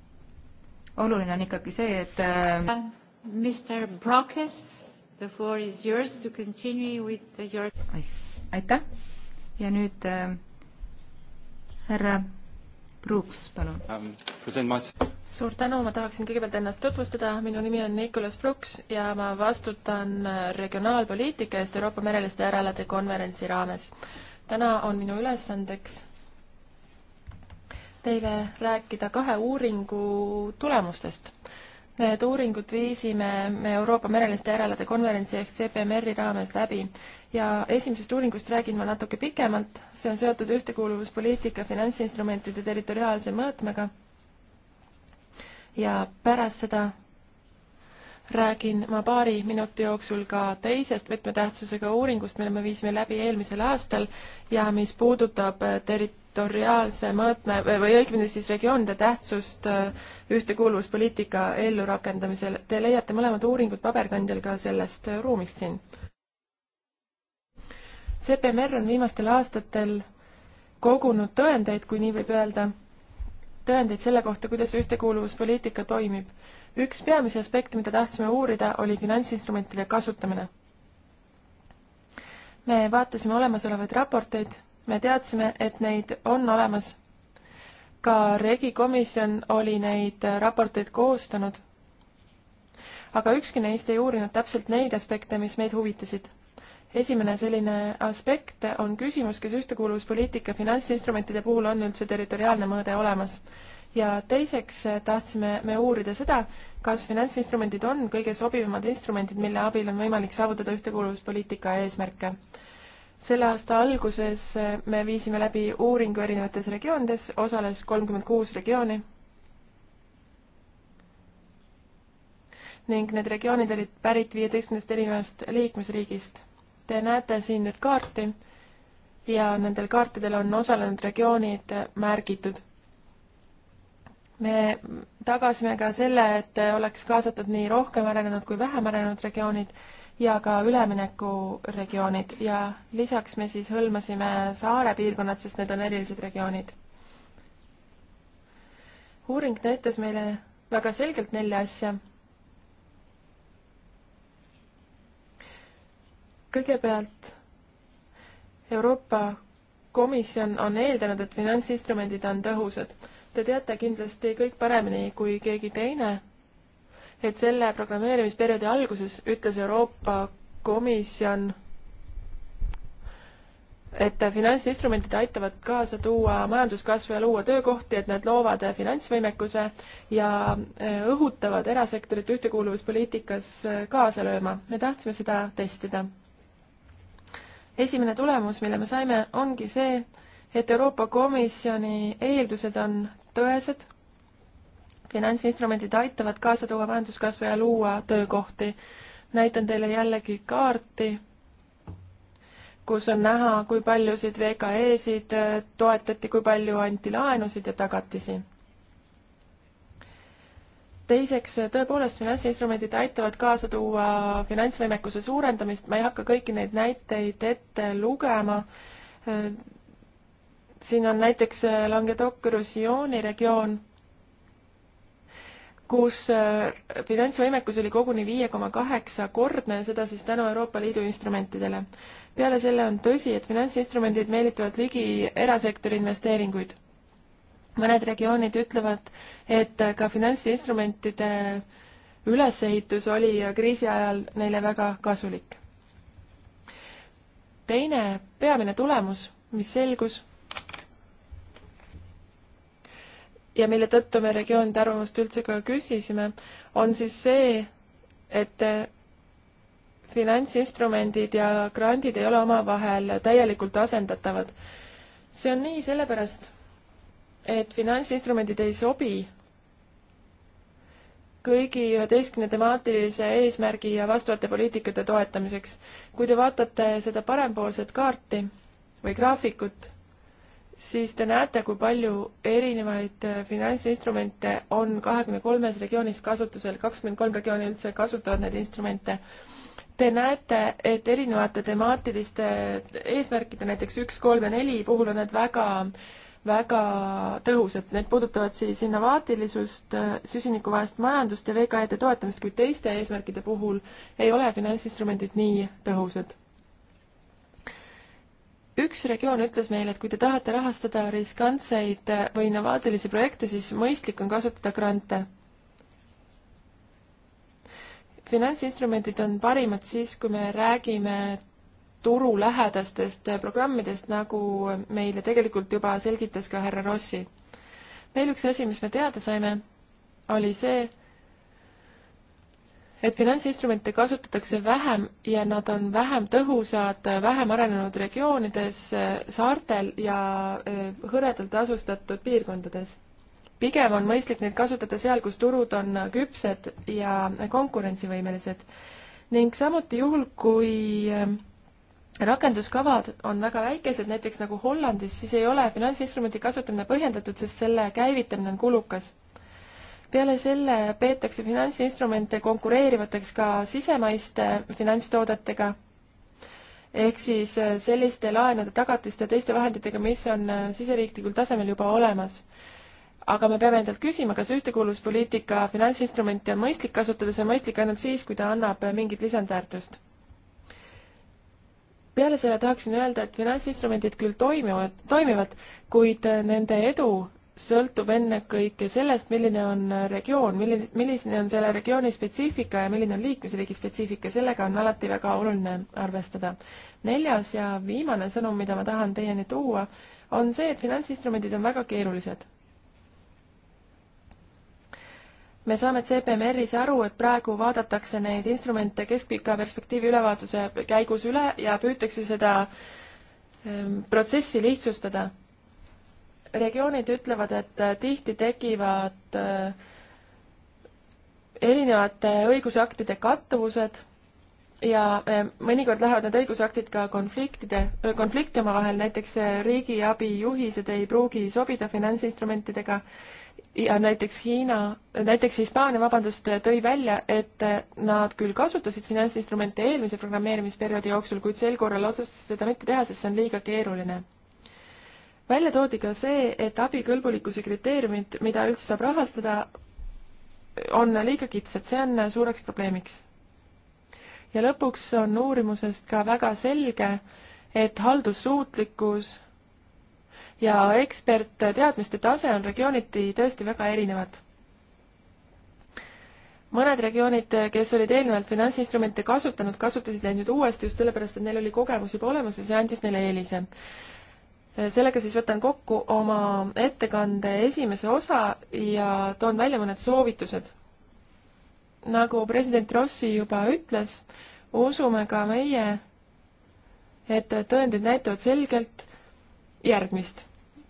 oluline on ikkagi see, et Mr Brokers, the floor is yours to continue with your aitäh ja nüüd äh, härra Brooks, palun um,. suur tänu, ma tahaksin kõigepealt ennast tutvustada, minu nimi on Nicolas Brooks ja ma vastutan regionaalpoliitika eest Euroopa mereliste järelade konverentsi raames. täna on minu ülesandeks teile rääkida kahe uuringu tulemustest. Need uuringud viisime me Euroopa mereliste järelade konverentsi ehk CPMR-i raames läbi ja esimesest uuringust räägin ma natuke pikemalt, see on seotud ühtekuuluvuspoliitika finantsinstrumentide territoriaalse mõõtmega. ja pärast seda räägin ma paari minuti jooksul ka teisest võtmetähtsusega uuringust, mille me viisime läbi eelmisel aastal ja mis puudutab territoriaalse mõõtme või õigemini siis regioonide tähtsust äh, ühtekuuluvuspoliitika ellurakendamisel. Te leiate mõlemad uuringud paberkandjal ka sellest ruumist siin CPMR on viimastel aastatel kogunud tõendeid, kui nii võib öelda, tõendeid selle kohta, kuidas ühtekuuluvuspoliitika toimib. üks peamisi aspekte, mida tahtsime uurida, oli finantsinstrumentide kasutamine. me vaatasime olemasolevaid raporteid, me teadsime, et neid on olemas. ka Regi komisjon oli neid raporteid koostanud. aga ükski neist ei uurinud täpselt neid aspekte, mis meid huvitasid esimene selline aspekt on küsimus, kas ühtekuuluvuspoliitika finantsinstrumentide puhul on üldse territoriaalne mõõde olemas. ja teiseks tahtsime me uurida seda, kas finantsinstrumendid on kõige sobivamad instrumendid, mille abil on võimalik saavutada ühtekuuluvuspoliitika eesmärke. selle aasta alguses me viisime läbi uuringu erinevates regioonides, osales kolmkümmend kuus regiooni ning need regioonid olid pärit viieteistkümnest erinevast liikmesriigist Te näete siin nüüd kaarti ja nendel kaartidel on osalenud regioonid märgitud. me tagasime ka selle, et oleks kaasatud nii rohkem arenenud kui vähem arenenud regioonid ja ka üleminekuregioonid ja lisaks me siis hõlmasime saare piirkonnad, sest need on erilised regioonid. uuring näitas meile väga selgelt nelja asja kõigepealt Euroopa Komisjon on eeldanud, et finantsinstrumendid on tõhusad. Te teate kindlasti kõik paremini kui keegi teine, et selle programmeerimisperioodi alguses ütles Euroopa Komisjon, et finantsinstrumendid aitavad kaasa tuua majanduskasvu ja luua töökohti, et need loovad finantsvõimekuse ja äh, õhutavad erasektorit ühtekuuluvuspoliitikas äh, kaasa lööma. me tahtsime seda testida esimene tulemus, mille me saime, ongi see, et Euroopa Komisjoni eeldused on tõesed, finantsinstrumendid aitavad kaasa tuua majanduskasvu ja luua töökohti. näitan teile jällegi kaarti, kus on näha, kui paljusid VKE-sid toetati, kui palju anti laenusid ja tagatisi teiseks, tõepoolest, finantsinstrumendid aitavad kaasa tuua finantsvõimekuse suurendamist, ma ei hakka kõiki neid näiteid ette lugema. siin on näiteks Languedoc-Roussilloni regioon, kus finantsvõimekus oli koguni viie koma kaheksa kordne, seda siis tänu Euroopa Liidu instrumentidele. peale selle on tõsi, et finantsinstrumendid meelitavad ligi erasektori investeeringuid mõned regioonid ütlevad, et ka finantsinstrumentide ülesehitus oli kriisi ajal neile väga kasulik. teine peamine tulemus, mis selgus ja mille tõttu me regioonide arvamust üldse ka küsisime, on siis see, et finantsinstrumendid ja grandid ei ole omavahel täielikult asendatavad. see on nii sellepärast et finantsinstrumendid ei sobi kõigi üheteistkümne temaatilise eesmärgi ja vastavate poliitikate toetamiseks. kui te vaatate seda parempoolset kaarti või graafikut, siis te näete, kui palju erinevaid finantsinstrumente on kahekümne kolmes regioonis kasutusel, kakskümmend kolm regiooni üldse kasutavad neid instrumente. Te näete, et erinevate temaatiliste eesmärkide, näiteks üks, kolm ja neli puhul on need väga äh, väga tõhusad, need puudutavad siis innovaatilisust, süsinikuvaest majandust ja VKE-de toetamist, kuid teiste eesmärkide puhul ei ole finantsinstrumendid nii tõhusad. üks regioon ütles meile, et kui te tahate rahastada riskantseid või innovaatilisi projekte, siis mõistlik on kasutada grante finantsinstrumendid on parimad siis, kui me räägime turulähedastest programmidest, nagu meile tegelikult juba selgitas ka härra Rossi. veel üks asi, mis me teada saime, oli see, et finantsinstrumente kasutatakse vähem ja nad on vähem tõhusad vähem arenenud regioonides, saartel ja hõredalt asustatud piirkondades. pigem on mõistlik neid kasutada seal, kus turud on küpsed ja konkurentsivõimelised ning samuti juhul, kui rakenduskavad on väga väikesed, näiteks nagu Hollandis, siis ei ole finantsinstrumendi kasutamine põhjendatud, sest selle käivitamine on kulukas. peale selle peetakse finantsinstrumente konkureerivateks ka sisemaiste finantstoodetega, ehk siis äh, selliste laenude, tagatiste ja teiste vahenditega, mis on äh, siseriiklikul tasemel juba olemas aga me peame endalt küsima, kas ühtekuuluvuspoliitika finantsinstrumente on mõistlik kasutada, see on mõistlik ainult siis, kui ta annab äh, mingit lisandväärtust peale selle tahaksin öelda, et finantsinstrumendid küll toimivad, toimivad, kuid äh, nende edu sõltub ennekõike sellest, milline on äh, regioon, milline, milline on selle regiooni spetsiifika ja milline on liikmesriigi spetsiifika, sellega on alati väga oluline arvestada. neljas ja viimane sõnum, mida ma tahan teieni tuua, on see, et finantsinstrumendid on väga keerulised me saame CPMR-is aru, et praegu vaadatakse neid instrumente keskpika perspektiivi ülevaatuse käigus üle ja püütakse seda ehm, protsessi lihtsustada. regioonid ütlevad, et äh, tihti tekivad äh, erinevate õigusaktide kattuvused ja ehm, mõnikord lähevad need õigusaktid ka konfliktide, äh, konflikti omavahel, näiteks riigiabi juhised ei pruugi sobida finantsinstrumentidega ja näiteks Hiina, näiteks Hispaania, vabandust, tõi välja, et nad küll kasutasid finantsinstrumente eelmise programmeerimisperioodi jooksul, kuid sel korral otsustasid seda mitte teha, sest see on liiga keeruline. välja toodi ka see, et abikõlbulikkuse kriteeriumid, mida üldse saab rahastada, on liiga kitsad, see on suureks probleemiks. ja lõpuks on uurimusest ka väga selge, et haldussuutlikkus ja ekspertteadmiste tase on regiooniti tõesti väga erinevad mõned regioonid, kes olid eelnevalt finantsinstrumente kasutanud, kasutasid neid nüüd uuesti just sellepärast, et neil oli kogemus juba olemas ja see andis neile eelise. sellega siis võtan kokku oma ettekande esimese osa ja toon välja mõned soovitused. nagu president Rossi juba ütles, usume ka meie, et tõendid näitavad selgelt järgmist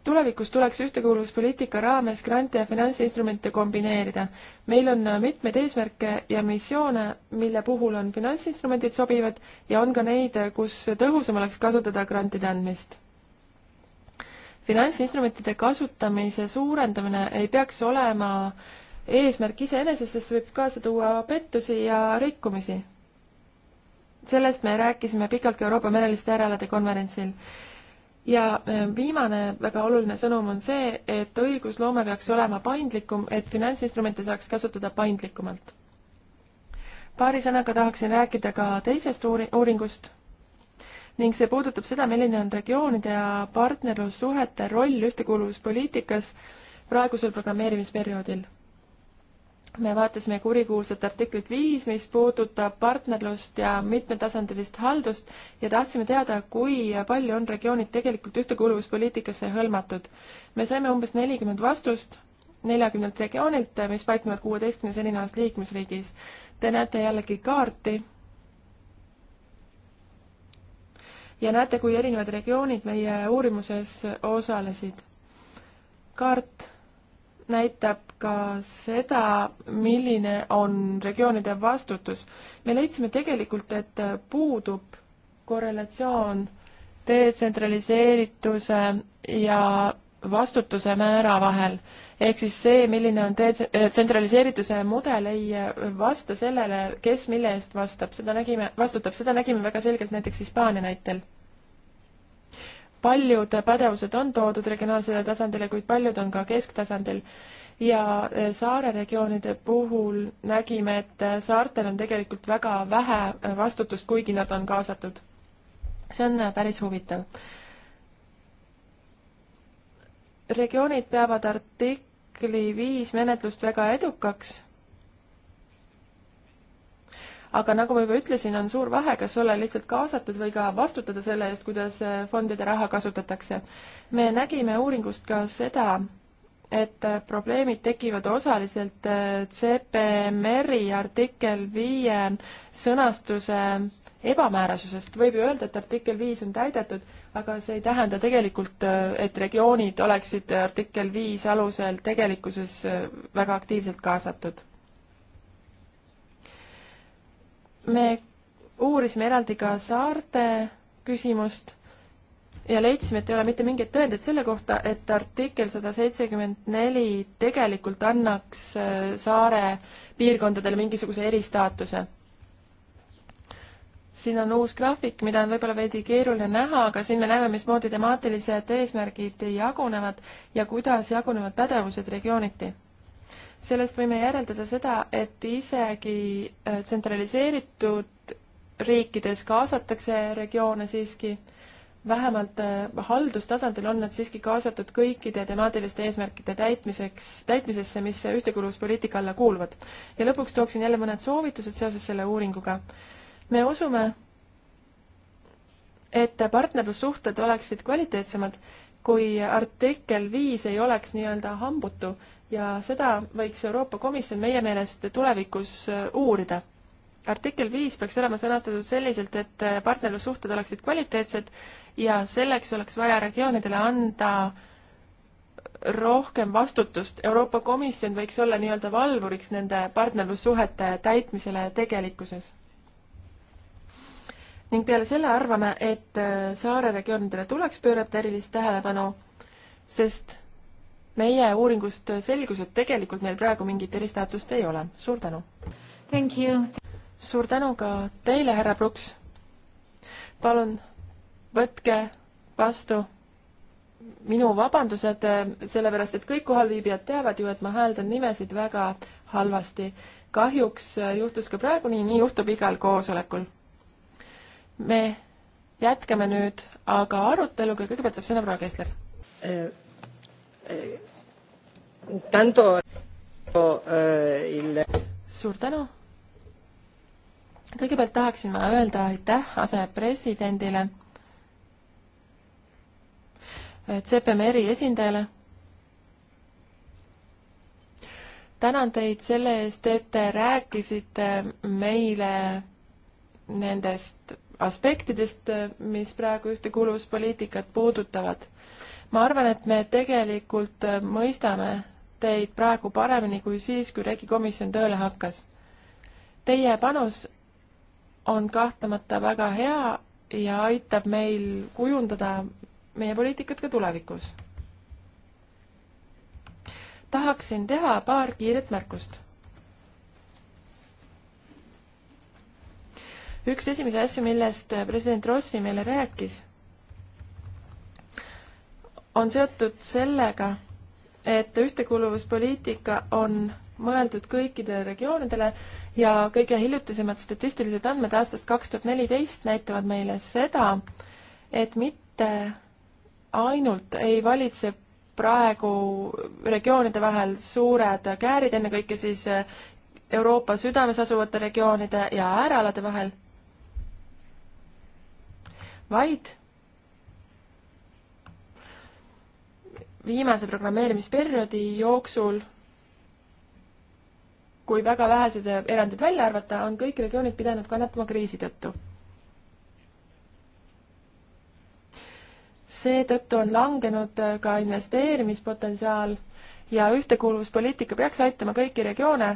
tulevikus tuleks ühtekuuluvuspoliitika raames grante ja finantsinstrumente kombineerida. meil on mitmeid eesmärke ja missioone, mille puhul on finantsinstrumendid sobivad ja on ka neid, kus tõhusam oleks kasutada grantide andmist. finantsinstrumentide kasutamise suurendamine ei peaks olema eesmärk iseeneses, sest võib kaasa tuua pettusi ja rikkumisi sellest me rääkisime pikalt ka Euroopa mereliste järelade konverentsil ja äh, viimane väga oluline sõnum on see, et õigusloome peaks olema paindlikum, et finantsinstrumente saaks kasutada paindlikumalt. paari sõnaga tahaksin rääkida ka teisest uuri-, uuringust ning see puudutab seda, milline on regioonide ja partnerlussuhete roll ühtekuuluvuspoliitikas praegusel programmeerimisperioodil me vaatasime kurikuulsat artiklit viis, mis puudutab partnerlust ja mitmetasandilist haldust ja tahtsime teada, kui palju on regioonid tegelikult ühtekuuluvuspoliitikasse hõlmatud. me saime umbes nelikümmend vastust neljakümnelt regioonilt, mis paiknevad kuueteistkümnes erinevas liikmesriigis. Te näete jällegi kaarti. ja näete, kui erinevad regioonid meie uurimuses osalesid. kaart näitab ka seda, milline on regioonide vastutus. me leidsime tegelikult, et puudub korrelatsioon detsentraliseerituse ja vastutuse määra vahel. ehk siis see, milline on eh, tsentraliseerituse mudel, ei vasta sellele, kes mille eest vastab, seda nägime, vastutab, seda nägime väga selgelt näiteks Hispaania näitel paljud pädevused on toodud regionaalsele tasandile, kuid paljud on ka kesktasandil. ja eh, saare regioonide puhul nägime, et eh, saartel on tegelikult väga vähe eh, vastutust, kuigi nad on kaasatud. see on päris huvitav. regioonid peavad artikli viis menetlust väga edukaks aga nagu ma juba ütlesin, on suur vahe, kas olla lihtsalt kaasatud või ka vastutada selle eest, kuidas eh, fondide raha kasutatakse. me nägime uuringust ka seda, et eh, probleemid tekivad osaliselt eh, CPMR-i artikkel viie sõnastuse ebamäärasusest. võib ju öelda, et artikkel viis on täidetud, aga see ei tähenda tegelikult, et regioonid oleksid artikkel viis alusel tegelikkuses väga aktiivselt kaasatud me uurisime eraldi ka saarte küsimust ja leidsime, et ei ole mitte mingeid tõendeid selle kohta, et artikkel sada seitsekümmend neli tegelikult annaks äh, saare piirkondadele mingisuguse eristaatuse. siin on uus graafik, mida on võib-olla veidi keeruline näha, aga siin me näeme, mismoodi temaatilised eesmärgid jagunevad ja kuidas jagunevad pädevused regiooniti sellest võime järeldada seda, et isegi äh, tsentraliseeritud riikides kaasatakse regioone siiski, vähemalt äh, haldustasandil on nad siiski kaasatud kõikide temaatiliste eesmärkide täitmiseks, täitmisesse, mis ühtekuuluvuspoliitika alla kuuluvad. ja lõpuks tooksin jälle mõned soovitused seoses selle uuringuga. me usume, et partnerlussuhted oleksid kvaliteetsemad, kui artikkel viis ei oleks nii-öelda hambutu ja seda võiks Euroopa Komisjon meie meelest tulevikus äh, uurida. artikkel viis peaks olema sõnastatud selliselt, et äh, partnerlussuhted oleksid kvaliteetsed ja selleks oleks vaja regioonidele anda rohkem vastutust, Euroopa Komisjon võiks olla nii-öelda valvuriks nende partnerlussuhete täitmisele tegelikkuses. ning peale selle arvame, et äh, saare regioonidele tuleks pöörata erilist tähelepanu, sest meie uuringust selgus, et tegelikult neil praegu mingit eristaatust ei ole. suur tänu! suur tänu ka teile, härra Bruks! palun võtke vastu minu vabandused, sellepärast et kõik kohalviibijad teavad ju, et ma hääldan nimesid väga halvasti. kahjuks juhtus ka praegu nii, nii juhtub igal koosolekul. me jätkame nüüd aga aruteluga, kõigepealt saab sõna proua Kessler. Äh, äh, tanto eh, il... suur tänu! kõigepealt tahaksin ma öelda aitäh asepresidendile, eh, CPMR-i esindajale. tänan teid selle eest, et te rääkisite meile nendest aspektidest, mis praegu ühtekuuluvuspoliitikat puudutavad. ma arvan, et me tegelikult mõistame mõtteid praegu paremini kui siis, kui regikomisjon tööle hakkas. Teie panus on kahtlemata väga hea ja aitab meil kujundada meie poliitikat ka tulevikus. tahaksin teha paar kiiret märkust. üks esimesi asju, millest president Rossi meile rääkis, on seotud sellega, et ühtekuuluvuspoliitika on mõeldud kõikidele regioonidele ja kõige hiljutisemad statistilised andmed aastast kaks tuhat neliteist näitavad meile seda, et mitte ainult ei valitse praegu regioonide vahel suured käärid, ennekõike siis eh, Euroopa südames asuvate regioonide ja äärealade vahel, vaid viimase programmeerimisperioodi jooksul, kui väga vähesed erandid välja arvata, on kõik regioonid pidanud kannatama kriisi tõttu. seetõttu on langenud ka investeerimispotentsiaal ja ühtekuuluvuspoliitika peaks aitama kõiki regioone,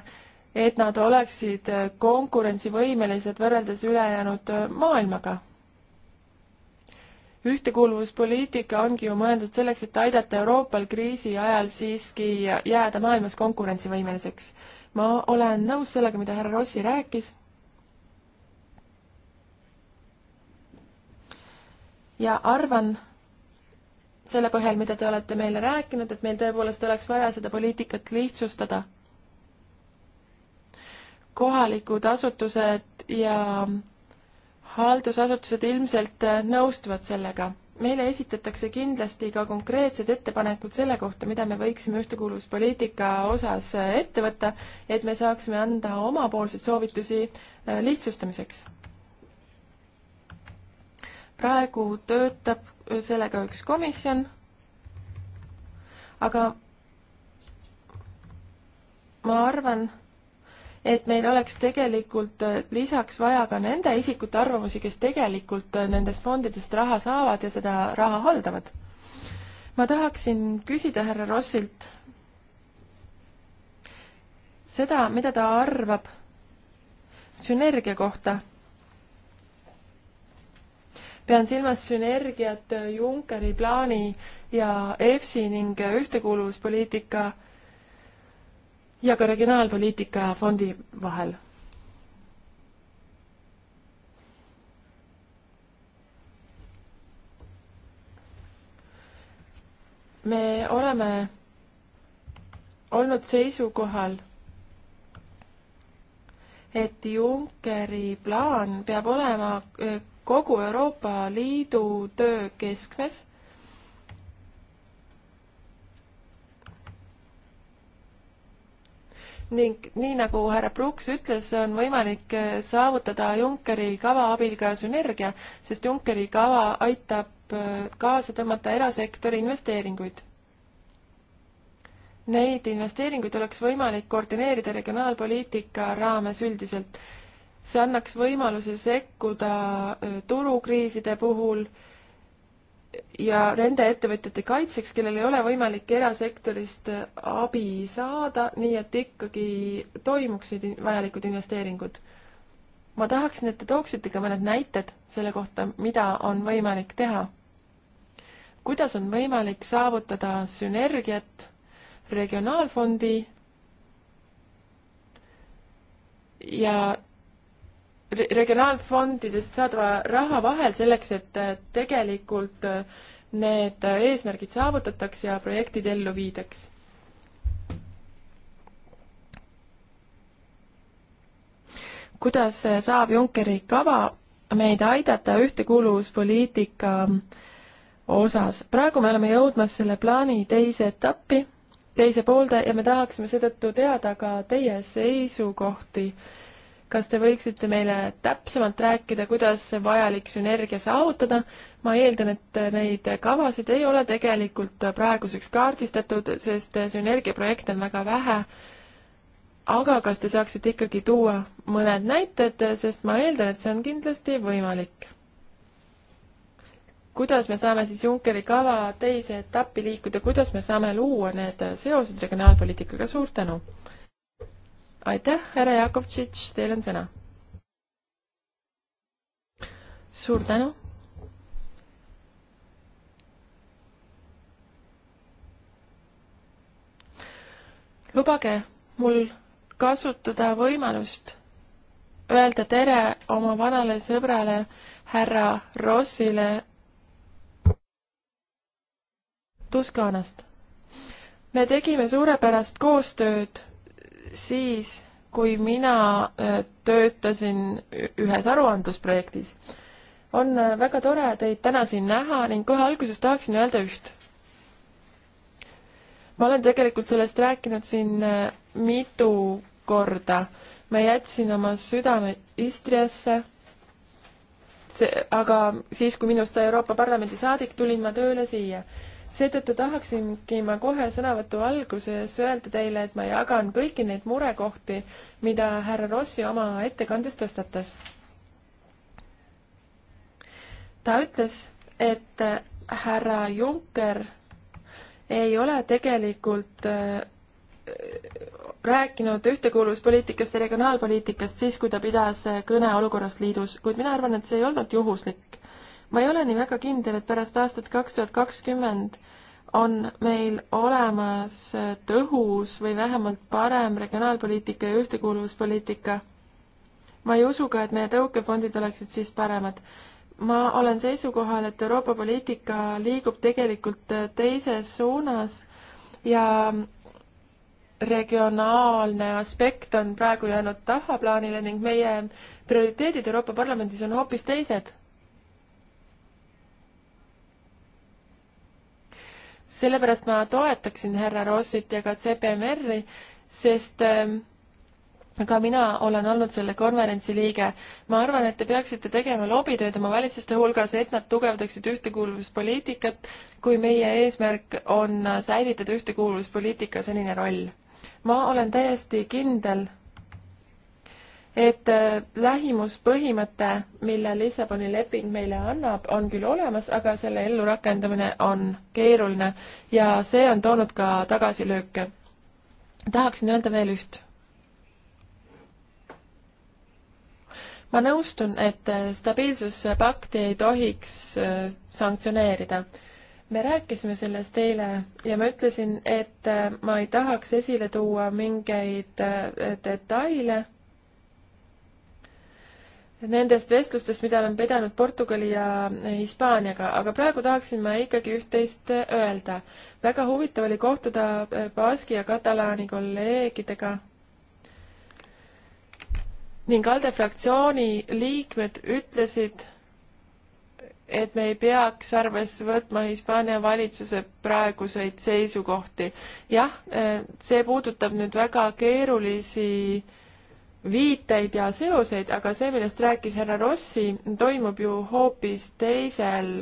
et nad oleksid konkurentsivõimelised võrreldes ülejäänud maailmaga ühtekuuluvuspoliitika ongi ju mõeldud selleks, et aidata Euroopal kriisi ajal siiski jääda maailmas konkurentsivõimeliseks. ma olen nõus sellega, mida härra Rossi rääkis. ja arvan selle põhjal, mida te olete meile rääkinud, et meil tõepoolest oleks vaja seda poliitikat lihtsustada. kohalikud asutused ja haldusasutused ilmselt äh, nõustuvad sellega. meile esitatakse kindlasti ka konkreetsed ettepanekud selle kohta, mida me võiksime ühtekuuluvuspoliitika osas äh, ette võtta, et me saaksime anda omapoolseid soovitusi äh, lihtsustamiseks. praegu töötab sellega üks komisjon, aga ma arvan, et meil oleks tegelikult äh, lisaks vaja ka nende isikute arvamusi, kes tegelikult äh, nendest fondidest raha saavad ja seda raha haldavad. ma tahaksin küsida härra Rossilt seda, mida ta arvab sünergia kohta. pean silmas sünergiat äh, Junckeri plaani ja EFSI ning ühtekuuluvuspoliitika ja ka regionaalpoliitika fondi vahel. me oleme olnud seisukohal, et Junckeri plaan peab olema eh, kogu Euroopa Liidu töö keskmes ning nii, nagu härra Brooks ütles, on võimalik eh, saavutada Junckeri kava abil ka sünergia, sest Junckeri kava aitab eh, kaasa tõmmata erasektori investeeringuid. Neid investeeringuid oleks võimalik koordineerida regionaalpoliitika raames üldiselt. see annaks võimaluse sekkuda eh, turukriiside puhul ja nende ettevõtjate kaitseks, kellel ei ole võimalik erasektorist abi saada, nii et ikkagi toimuksid vajalikud investeeringud. ma tahaksin, et te tooksite ka mõned näited selle kohta, mida on võimalik teha. kuidas on võimalik saavutada sünergiat regionaalfondi ja regionaalfondidest saadava raha vahel selleks, et äh, tegelikult äh, need äh, eesmärgid saavutataks ja projektid ellu viidaks. kuidas saab Junckeri kava meid aidata ühtekuuluvuspoliitika ähm, osas? praegu me oleme jõudmas selle plaani teise etappi, teise poolde ja me tahaksime seetõttu teada ka teie seisukohti kas te võiksite meile täpsemalt rääkida, kuidas see vajalik sünergia saavutada? ma eeldan, et neid kavasid ei ole tegelikult praeguseks kaardistatud, sest sünergiaprojekte on väga vähe. aga kas te saaksite ikkagi tuua mõned näited, sest ma eeldan, et see on kindlasti võimalik? kuidas me saame siis Junckeri kava teise etappi liikuda, kuidas me saame luua need seosed regionaalpoliitikaga, suur tänu! aitäh, härra Jakovtšitš, teil on sõna. suur tänu lubage mul kasutada võimalust öelda tere oma vanale sõbrale härra Rossile Tuskanast. me tegime suurepärast koostööd siis, kui mina äh, töötasin ühes aruandlusprojektis. on äh, väga tore teid täna siin näha ning kohe alguses tahaksin öelda üht. ma olen tegelikult sellest rääkinud siin äh, mitu korda. ma jätsin oma südame Istriasse see, aga siis, kui minust sai Euroopa Parlamendi saadik, tulin ma tööle siia seetõttu tahaksingi ma kohe sõnavõtu alguses öelda teile, et ma jagan kõiki neid murekohti, mida härra Rossi oma ettekandes tõstatas. ta ütles, et härra Juncker ei ole tegelikult äh, rääkinud ühtekuuluvuspoliitikast ja regionaalpoliitikast siis, kui ta pidas äh, kõne olukorrast liidus, kuid mina arvan, et see ei olnud juhuslik ma ei ole nii väga kindel, et pärast aastat kaks tuhat kakskümmend on meil olemas tõhus või vähemalt parem regionaalpoliitika ja ühtekuuluvuspoliitika. ma ei usu ka, et meie tõukefondid oleksid siis paremad. ma olen seisukohal, et Euroopa poliitika liigub tegelikult teises suunas ja regionaalne aspekt on praegu jäänud tahaplaanile ning meie prioriteedid Euroopa Parlamendis on hoopis teised sellepärast ma toetaksin härra Rossit ja ka CPMR-i, sest ähm, ka mina olen olnud selle konverentsi liige. ma arvan, et te peaksite tegema lobitööd oma valitsuste hulgas, et nad tugevdaksid ühtekuuluvuspoliitikat, kui meie eesmärk on säilitada ühtekuuluvuspoliitika senine roll. ma olen täiesti kindel, et äh, lähimuspõhimõte, mille Lissaboni leping meile annab, on küll olemas, aga selle ellurakendamine on keeruline ja see on toonud ka tagasilööke. tahaksin öelda veel üht. ma nõustun, et äh, stabiilsuspakti ei tohiks äh, sanktsioneerida me rääkisime sellest eile ja ma ütlesin, et ma ei tahaks esile tuua mingeid detaile, nendest vestlustest, mida olen pidanud Portugali ja Hispaaniaga, aga praegu tahaksin ma ikkagi üht-teist öelda. väga huvitav oli kohtuda äh, Baski ja Katalaani kolleegidega ning ALDE fraktsiooni liikmed ütlesid, et me ei peaks arvesse võtma Hispaania valitsuse praeguseid seisukohti. jah, äh, see puudutab nüüd väga keerulisi äh, viiteid ja seoseid, aga see, millest rääkis härra Rossi, toimub ju hoopis teisel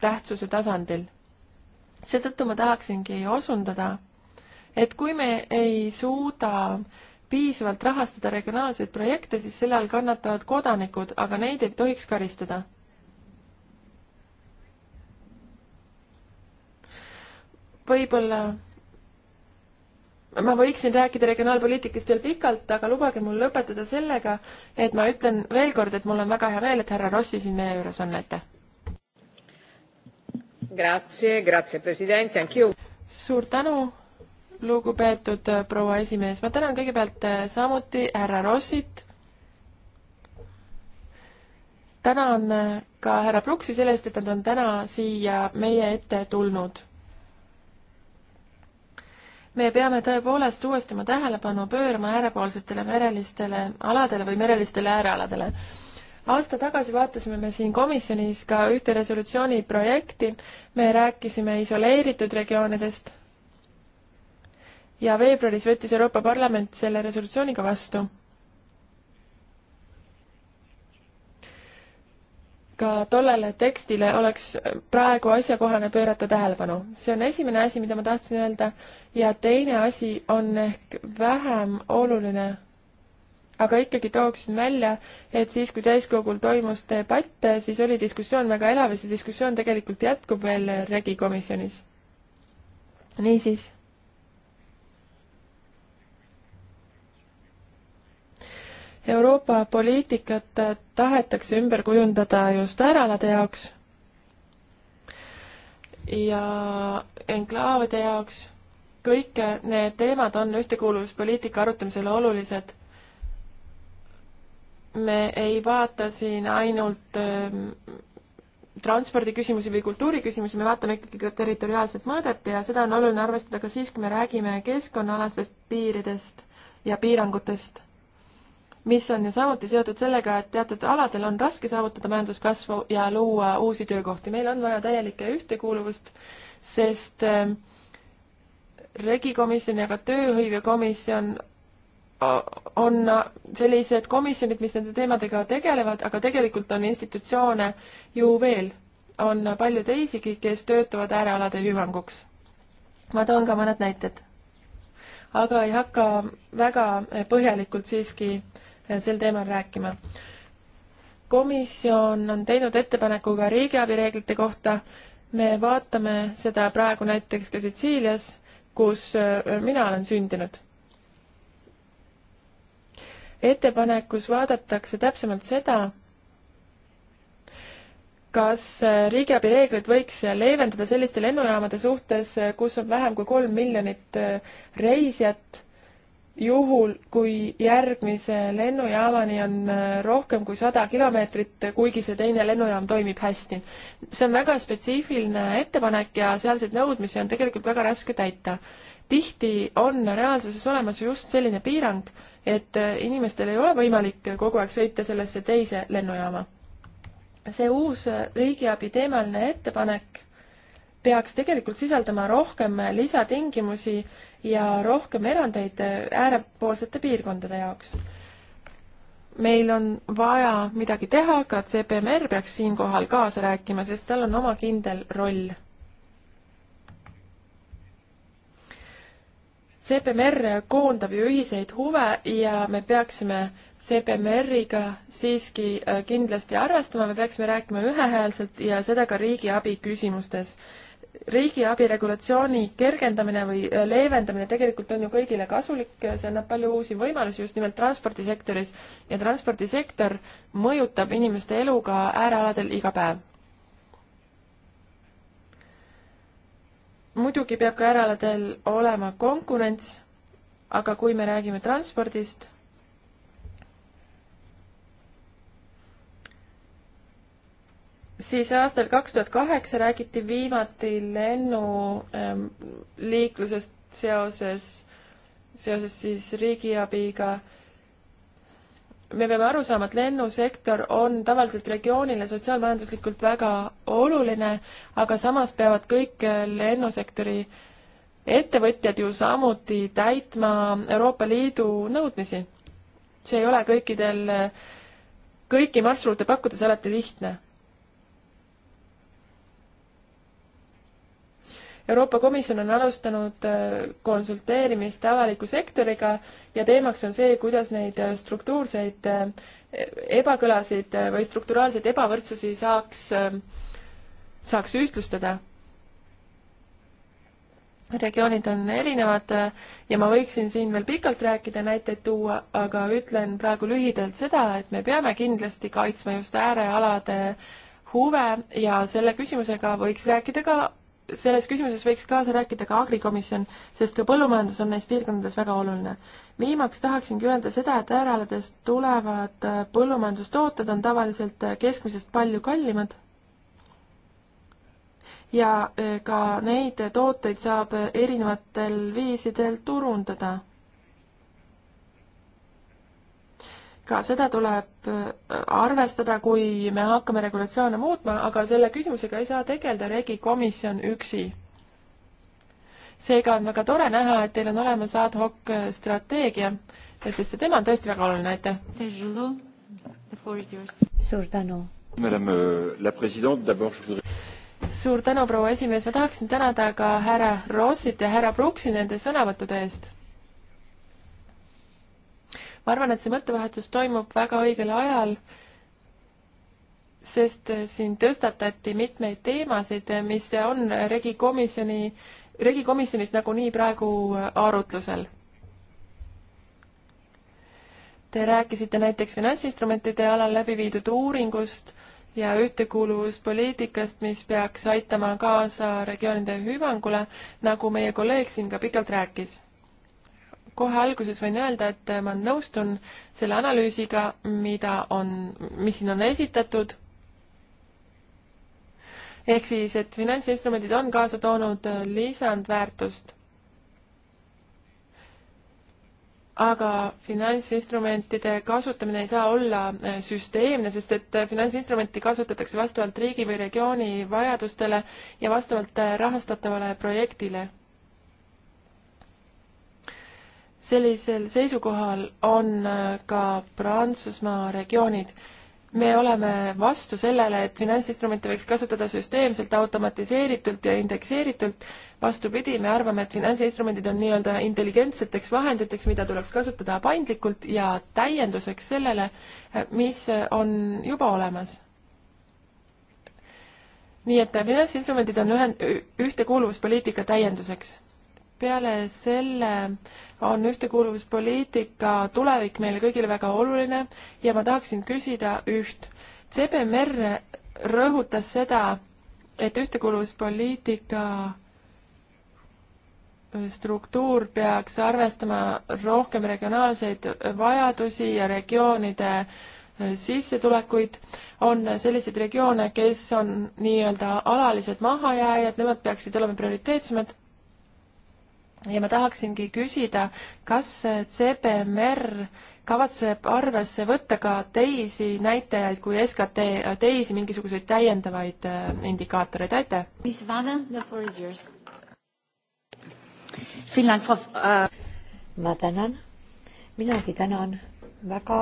tähtsuse tasandil. seetõttu ma tahaksingi osundada, et kui me ei suuda piisavalt rahastada regionaalseid projekte, siis selle all kannatavad kodanikud, aga neid ei tohiks karistada. võib-olla ma võiksin rääkida regionaalpoliitikast veel pikalt, aga lubage mul lõpetada sellega, et ma ütlen veel kord, et mul on väga hea meel, et härra Rossi siin meie juures on, aitäh! Grazie, grazie president, thank you! suur tänu, lugupeetud äh, proua esimees, ma tänan kõigepealt äh, samuti härra Rossit, tänan äh, ka härra Pruksi selle eest, et nad on täna siia meie ette tulnud me peame tõepoolest uuesti oma tähelepanu pöörama äärepoolsetele merelistele aladele või merelistele äärealadele. aasta tagasi vaatasime me siin komisjonis ka ühte resolutsiooni projekti, me rääkisime isoleeritud regioonidest ja veebruaris võttis Euroopa Parlament selle resolutsiooniga vastu ka tollele tekstile oleks praegu asjakohane pöörata tähelepanu. see on esimene asi, mida ma tahtsin öelda ja teine asi on ehk vähem oluline, aga ikkagi tooksin välja, et siis, kui täiskogul toimus debatt, siis oli diskussioon väga elav ja see diskussioon tegelikult jätkub veel regikomisjonis. niisiis, Euroopa poliitikat tahetakse ümber kujundada just äralade jaoks ja enklaavide jaoks. kõik need teemad on ühtekuuluvuspoliitika arutamisel olulised. me ei vaata siin ainult ähm, transpordiküsimusi või kultuuriküsimusi, me vaatame ikkagi ka territoriaalset mõõdet ja seda on oluline arvestada ka siis, kui me räägime keskkonnaalastest piiridest ja piirangutest mis on ju samuti seotud sellega, et teatud aladel on raske saavutada majanduskasvu ja luua uusi töökohti. meil on vaja täielikke ühtekuuluvust, sest ähm, regikomisjon ja ka tööhõivekomisjon äh, on äh, sellised komisjonid, mis nende teemadega tegelevad, aga tegelikult on institutsioone ju veel, on palju teisigi, kes töötavad äärealade hüvanguks. ma toon ka mõned näited. aga ei hakka väga põhjalikult siiski äh, sel teemal rääkima. komisjon on teinud ettepaneku ka riigiabi reeglite kohta. me vaatame seda praegu näiteks ka Sitsiilias, kus äh, mina olen sündinud ettepanekus vaadatakse täpsemalt seda, kas äh, riigiabi reegleid võiks äh, leevendada selliste lennujaamade suhtes, kus on vähem kui kolm miljonit reisijat juhul, kui järgmise lennujaamani on äh, rohkem kui sada kilomeetrit, kuigi see teine lennujaam toimib hästi. see on väga spetsiifiline ettepanek ja sealseid nõudmisi on tegelikult väga raske täita. tihti on reaalsuses olemas just selline piirang, et äh, inimestel ei ole võimalik kogu aeg sõita sellesse teise lennujaama. see uus äh, riigiabi teemaline ettepanek peaks tegelikult sisaldama rohkem lisatingimusi, ja rohkem erandeid äh, äärepoolsete piirkondade jaoks. meil on vaja midagi teha, ka CPMR peaks siinkohal kaasa rääkima, sest tal on oma kindel roll. CPMR koondab ju ühiseid huve ja me peaksime CPMR-iga siiski äh, kindlasti arvestama, me peaksime rääkima ühehäälselt ja seda ka riigiabi küsimustes riigiabi regulatsiooni kergendamine või äh, leevendamine tegelikult on ju kõigile kasulik, see annab palju uusi võimalusi just nimelt transpordisektoris ja transpordisektor mõjutab inimeste elu ka äärealadel iga päev. muidugi peab ka äärealadel olema konkurents, aga kui me räägime transpordist siis aastal kaks tuhat kaheksa räägiti viimati lennuliiklusest ähm, seoses, seoses siis riigiabiga. me peame aru saama, et lennusektor on tavaliselt regioonile sotsiaalmajanduslikult väga oluline, aga samas peavad kõik lennusektori ettevõtjad ju samuti täitma Euroopa Liidu nõudmisi. see ei ole kõikidel, kõiki marsruute pakkudes alati lihtne Euroopa Komisjon on alustanud äh, konsulteerimist avaliku sektoriga ja teemaks on see, kuidas neid äh, struktuurseid äh, ebakõlasid või strukturaalseid ebavõrdsusi saaks, saaks ühtlustada regioonid on erinevad ja ma võiksin siin veel pikalt rääkida, näiteid tuua, aga ütlen praegu lühidalt seda, et me peame kindlasti kaitsma just äärealade huve ja selle küsimusega võiks rääkida ka selles küsimuses võiks kaasa rääkida ka agrikomisjon, sest ka põllumajandus on neis piirkondades väga oluline. viimaks tahaksingi öelda seda, et äärealadest tulevad äh, põllumajandustooted on tavaliselt äh, keskmisest palju kallimad ja äh, ka neid tooteid saab erinevatel viisidel turundada ka seda tuleb äh, arvestada, kui me hakkame regulatsioone muutma, aga selle küsimusega ei saa tegeleda regi komisjon üksi. seega on väga tore näha, et teil on olemas ad hoc äh, strateegia, sest see teema on tõesti väga oluline, aitäh! suur tänu! Euh, suur tänu, proua esimees, ma tahaksin tänada ka härra Rossit ja härra Bruksi nende sõnavõttude eest ma arvan, et see mõttevahetus toimub väga õigel ajal, sest siin tõstatati mitmeid teemasid, mis on regikomisjoni, regikomisjonis nagunii praegu arutlusel. Te rääkisite näiteks finantsinstrumentide alal läbi viidud uuringust ja ühtekuuluvuspoliitikast, mis peaks aitama kaasa regioonide hüvangule, nagu meie kolleeg siin ka pikalt rääkis kohe alguses võin öelda, et ma nõustun selle analüüsiga, mida on, mis siin on esitatud. ehk siis, et finantsinstrumendid on kaasa toonud lisandväärtust. aga finantsinstrumentide kasutamine ei saa olla eh, süsteemne, sest et eh, finantsinstrumenti kasutatakse vastavalt riigi või regiooni vajadustele ja vastavalt eh, rahastatavale projektile sellisel seisukohal on äh, ka Prantsusmaa regioonid. me oleme vastu sellele, et finantsinstrumente võiks kasutada süsteemselt, automatiseeritult ja indekseeritult. vastupidi, me arvame, et finantsinstrumendid on nii-öelda intelligentseteks vahenditeks, mida tuleks kasutada paindlikult ja täienduseks sellele, äh, mis on juba olemas nii et äh, finantsinstrumendid on ühen-, ühtekuuluvuspoliitika täienduseks peale selle on ühtekuuluvuspoliitika tulevik meile kõigile väga oluline ja ma tahaksin küsida üht. CBMR rõhutas seda, et ühtekuuluvuspoliitika struktuur peaks arvestama rohkem regionaalseid vajadusi ja regioonide sissetulekuid. on selliseid regioone, kes on nii-öelda alalised mahajääjad, nemad peaksid olema prioriteetsemad ja ma tahaksingi küsida, kas CBMR kavatseb arvesse võtta ka teisi näitajaid kui SKT, teisi mingisuguseid täiendavaid äh, indikaatoreid, aitäh! Äh, ma tänan, minagi tänan väga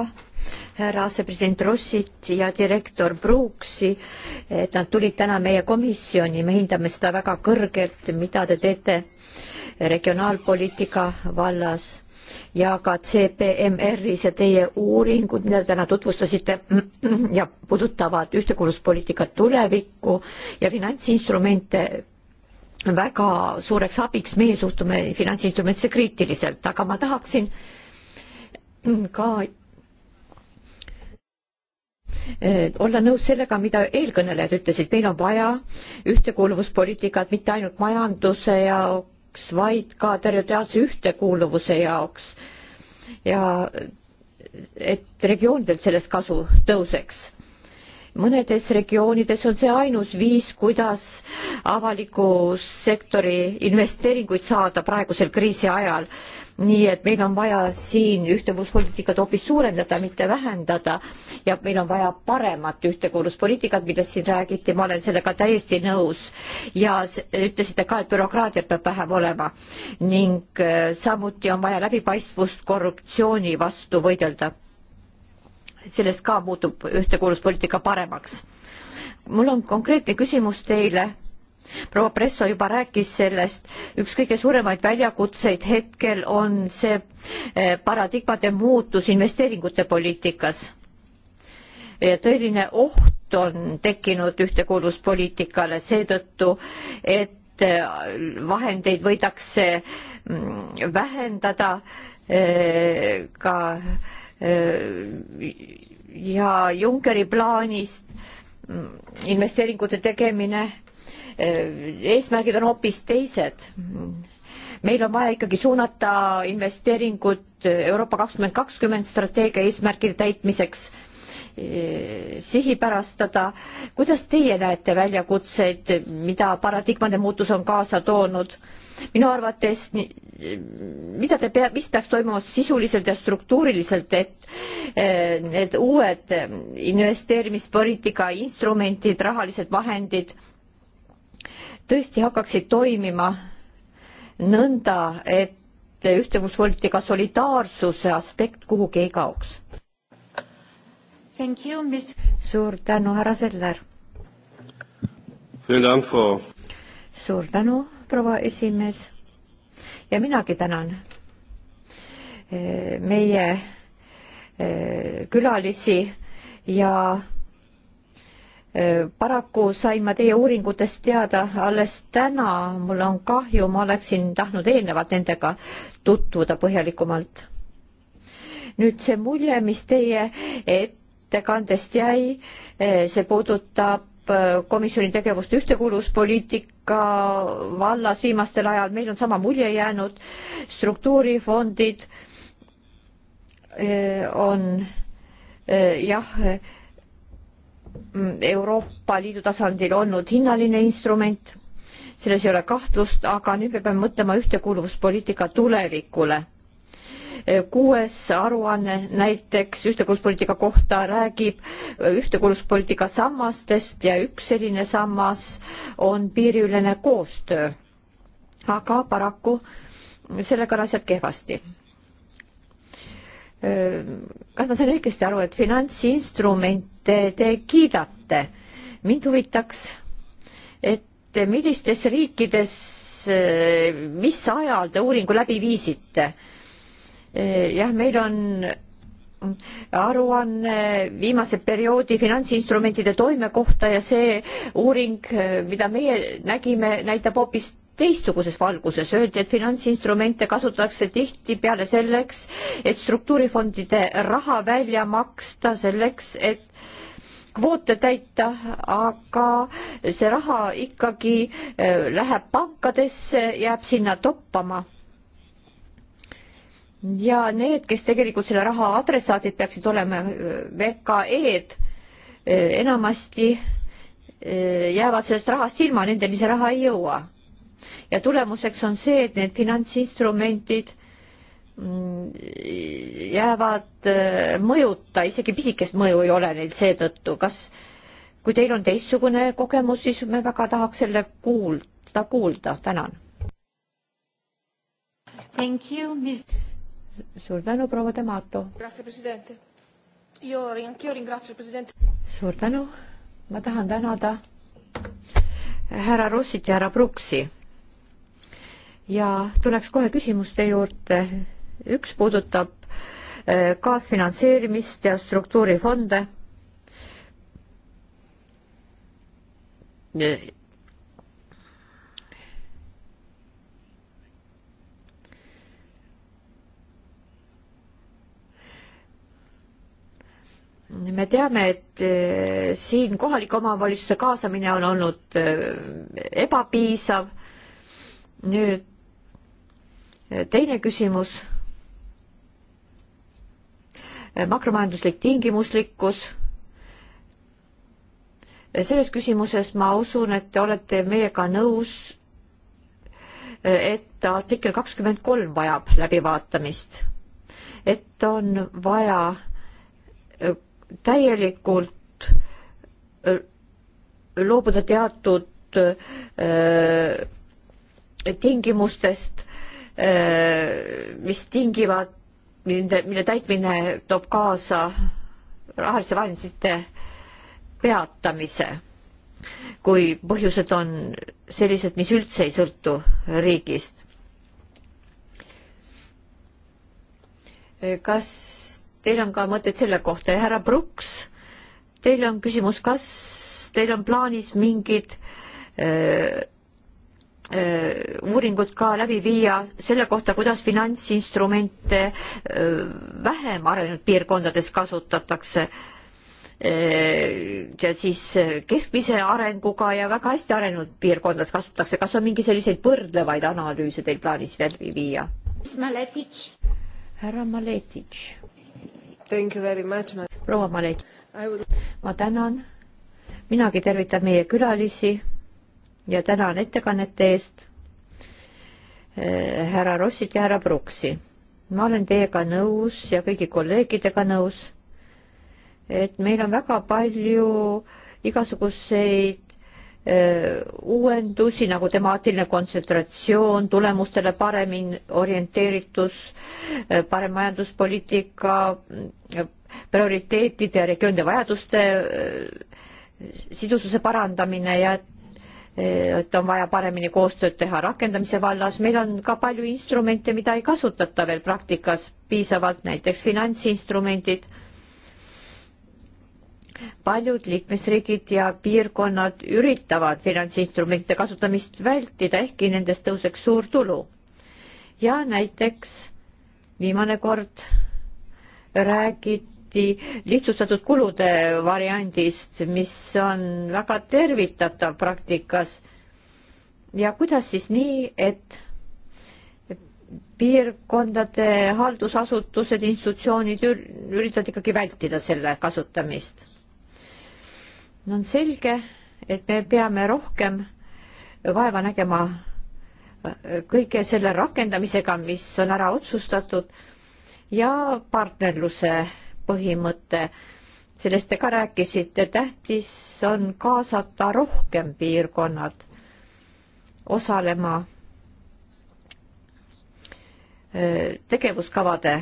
härra asepresident Rossit ja direktor Brooksi, et nad tulid täna meie komisjoni, me hindame seda väga kõrgelt, mida te teete regionaalpoliitika vallas ja ka CPMR-is ja teie uuringud, mida täna tutvustasite <clears throat> ja puudutavad ühtekuuluvuspoliitikat tulevikku ja finantsinstrumente väga suureks abiks, meie suhtume finantsinstrumentidesse kriitiliselt, aga ma tahaksin ka eh, olla nõus sellega, mida eelkõnelejad ütlesid, meil on vaja ühtekuuluvuspoliitikat mitte ainult majanduse jaoks, jaoks, vaid ka territoriaalse ühtekuuluvuse jaoks ja et regioonidel sellest kasu tõuseks. mõnedes regioonides on see ainus viis, kuidas avaliku sektori investeeringuid saada praegusel kriisi ajal nii et meil on vaja siin ühtekuuluvuspoliitikat hoopis suurendada, mitte vähendada ja meil on vaja paremat ühtekuuluvuspoliitikat, millest siin räägiti, ma olen sellega täiesti nõus. ja ütlesite ka, et bürokraatiat peab vähem olema ning äh, samuti on vaja läbipaistvust korruptsiooni vastu võidelda. sellest ka muutub ühtekuuluvuspoliitika paremaks. mul on konkreetne küsimus teile proua Presso juba rääkis sellest, üks kõige suuremaid väljakutseid hetkel on see eh, paradigmade muutus investeeringute poliitikas. tõeline oht on tekkinud ühtekuuluvuspoliitikale seetõttu, et eh, vahendeid võidakse mm, vähendada eh, ka ja Junckeri plaanist mm, investeeringute tegemine eesmärgid on hoopis teised. meil on vaja ikkagi suunata investeeringud Euroopa kakskümmend kakskümmend strateegia eesmärkide täitmiseks, e, sihipärastada. kuidas teie näete väljakutseid, mida paradigmade muutus on kaasa toonud? minu arvates, mida te pea, mis peaks toimuma sisuliselt ja struktuuriliselt, et e, need uued investeerimispoliitika instrumentid, rahalised vahendid tõesti hakkaksid toimima nõnda, et ühtevuspoliitika solidaarsuse aspekt kuhugi ei kaoks. suur tänu, härra Seller. suur tänu, proua esimees. ja minagi tänan eh, meie eh, külalisi ja paraku sain ma teie uuringutest teada alles täna, mul on kahju, ma oleksin tahtnud eelnevalt nendega tutvuda põhjalikumalt. nüüd see mulje, mis teie ettekandest jäi, see puudutab äh, komisjoni tegevust ühtekuuluvuspoliitika vallas viimastel ajal, meil on sama mulje jäänud, struktuurifondid äh, on äh, jah, Mm, Euroopa Liidu tasandil olnud hinnaline instrument, selles ei ole kahtlust, aga nüüd me peame mõtlema ühtekuuluvuspoliitika tulevikule. E, kuues aruanne näiteks ühtekuuluvuspoliitika kohta räägib ühtekuuluvuspoliitika sammastest ja üks selline sammas on piiriülene koostöö. aga paraku sellega on asjad kehvasti kas ma sain õigesti aru, et finantsinstrumente te kiidate? mind huvitaks, et millistes riikides, mis ajal te uuringu läbi viisite? jah, meil on aruanne viimase perioodi finantsinstrumentide toime kohta ja see uuring, mida meie nägime, näitab hoopis teistsuguses valguses, öeldi, et finantsinstrumente kasutatakse tihtipeale selleks, et struktuurifondide raha välja maksta, selleks, et kvoote täita, aga see raha ikkagi äh, läheb pankadesse, jääb sinna toppama ja need, kes tegelikult selle raha adressaadid peaksid olema äh, VKE-d, äh, enamasti jäävad sellest rahast ilma, nendeni see raha ei jõua ja tulemuseks on see, et need finantsinstrumendid mm, jäävad äh, mõjuta, isegi pisikest mõju ei ole neil seetõttu, kas kui teil on teistsugune kogemus, siis me väga tahaks selle kuulda, kuulda, tänan. suur tänu, proua Demato. suur tänu, ma tahan tänada härra Russit ja härra Bruksi ja tuleks kohe küsimuste juurde. üks puudutab äh, kaasfinantseerimist ja struktuurifonde. me teame, et äh, siin kohalike omavalitsuste kaasamine on olnud äh, ebapiisav. nüüd teine küsimus. makromajanduslik tingimuslikkus. selles küsimuses ma usun, et te olete meiega nõus, et artikkel kakskümmend kolm vajab läbivaatamist, et on vaja äh, täielikult äh, loobuda teatud öö, äh, tingimustest mis tingivad, mille, mille täitmine toob kaasa rahaliste vahendite peatamise, kui põhjused on sellised, mis üldse ei sõltu riigist. kas teil on ka mõtteid selle kohta ja härra Bruks, teil on küsimus, kas teil on plaanis mingid öö, Äh, uuringut ka läbi viia selle kohta, kuidas finantsinstrumente äh, vähem arenenud piirkondades kasutatakse. Äh, ja siis keskmise arenguga ja väga hästi arenenud piirkondades kasutatakse, kas on mingi selliseid võrdlevaid analüüse teil plaanis läbi viia? härra Maletitš. proua Maletitš, ma tänan. minagi tervitan meie külalisi ja tänan ettekannete eest eh, härra Rossit ja härra Bruksi. ma olen teiega nõus ja kõigi kolleegidega nõus, et meil on väga palju igasuguseid öö, eh, uuendusi nagu temaatiline kontsentratsioon, tulemustele paremini orienteeritus, eh, parem majanduspoliitika, prioriteetide ja regioonide vajaduste öö, sidususe parandamine ja et Eh, et on vaja paremini koostööd teha rakendamise vallas, meil on ka palju instrumente, mida ei kasutata veel praktikas piisavalt, näiteks finantsinstrumendid. paljud liikmesriigid ja piirkonnad üritavad finantsinstrumente kasutamist vältida, ehkki nendest tõuseks suur tulu. ja näiteks viimane kord räägiti räägiti lihtsustatud kulude variandist, mis on väga tervitatav praktikas. ja kuidas siis nii, et piirkondade haldusasutused, institutsioonid üritavad ikkagi vältida selle kasutamist. no on selge, et me peame rohkem vaeva nägema kõige selle rakendamisega, mis on ära otsustatud ja partnerluse põhimõte, sellest te ka rääkisite, tähtis on kaasata rohkem piirkonnad osalema tegevuskavade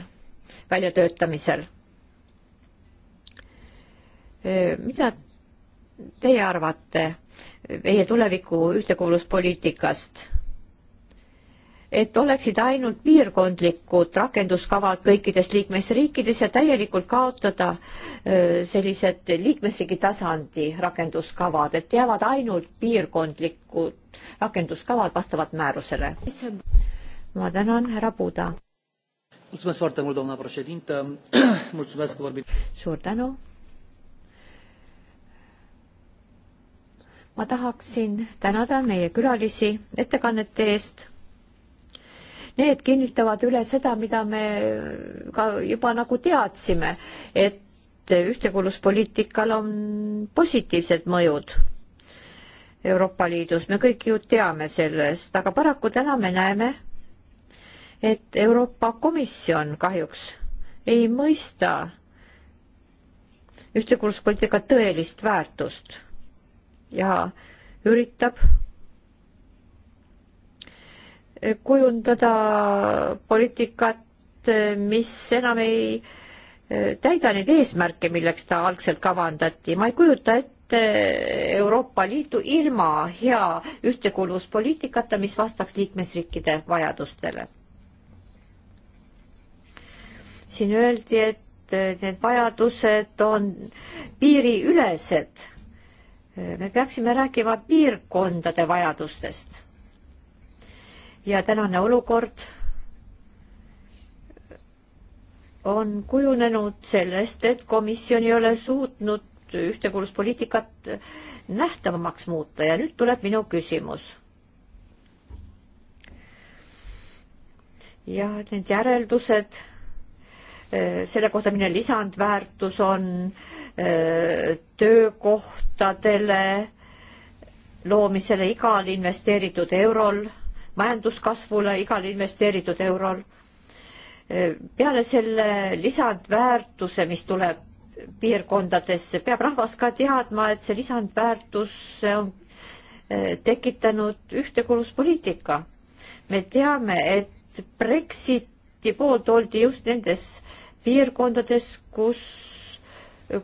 väljatöötamisel. mida teie arvate meie tuleviku ühtekuuluvuspoliitikast? et oleksid ainult piirkondlikud rakenduskavad kõikides liikmesriikides ja täielikult kaotada sellised liikmesriigi tasandi rakenduskavad, et jäävad ainult piirkondlikud rakenduskavad vastavalt määrusele. ma tänan, härra Puda. <clears throat> suur tänu. ma tahaksin tänada meie külalisi ettekannete eest need kinnitavad üle seda, mida me ka juba nagu teadsime, et ühtekuuluspoliitikal on positiivsed mõjud Euroopa Liidus, me kõik ju teame sellest, aga paraku täna me näeme, et Euroopa Komisjon kahjuks ei mõista ühtekuuluspoliitika tõelist väärtust ja üritab kujundada poliitikat, mis enam ei eh, täida neid eesmärke, milleks ta algselt kavandati. ma ei kujuta ette Euroopa Liitu ilma hea ühtekuuluvuspoliitikata, mis vastaks liikmesriikide vajadustele. siin öeldi, et eh, need vajadused on piiriülesed. Eh, me peaksime rääkima piirkondade vajadustest ja tänane olukord on kujunenud sellest, et komisjon ei ole suutnud ühtekuuluspoliitikat nähtavamaks muuta ja nüüd tuleb minu küsimus. jah, et need järeldused eh, selle kohta, milline lisandväärtus on eh, töökohtadele loomisele igal investeeritud eurol majanduskasvule igal investeeritud eurol. peale selle lisandväärtuse, mis tuleb piirkondadesse, peab rahvas ka teadma, et see lisandväärtus on eh, tekitanud ühtekuuluvuspoliitika. me teame, et Brexiti poolt oldi just nendes piirkondades, kus,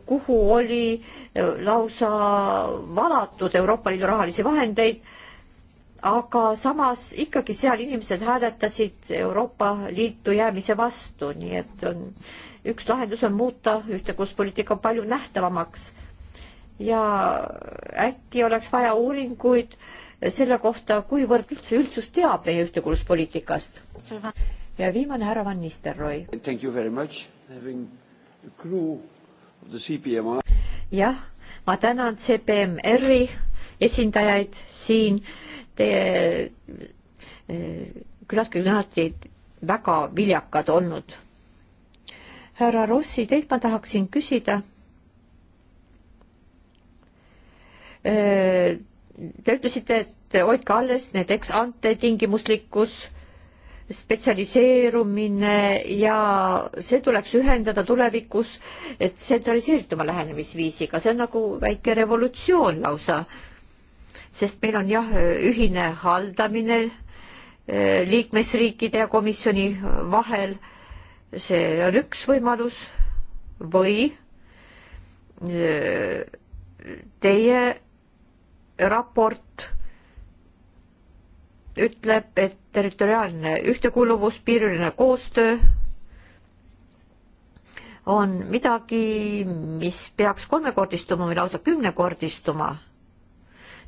kuhu oli eh, lausa valatud Euroopa Liidu rahalisi vahendeid aga samas ikkagi seal inimesed hääletasid Euroopa Liitu jäämise vastu, nii et on, üks lahendus on muuta ühtekuuspoliitika palju nähtavamaks. ja äkki oleks vaja uuringuid selle kohta, kuivõrd üldse üldsus teab meie ühtekuuluspoliitikast. ja viimane härra Van Nistelrooy. jah, ma tänan CPMR-i esindajaid siin Teie külaskäigud on alati väga viljakad olnud. härra Rossi, teilt ma tahaksin küsida. Eh, te ütlesite, et hoidke alles need ex-ante tingimuslikkus, spetsialiseerumine ja see tuleks ühendada tulevikus tsentraliseerituma lähenemisviisiga, see on nagu väike revolutsioon lausa sest meil on jah, ühine haldamine eh, liikmesriikide ja komisjoni vahel. see on üks võimalus või eh, teie raport ütleb, et territoriaalne ühtekuuluvus, piiriline koostöö on midagi, mis peaks kolmekordistuma või lausa kümnekordistuma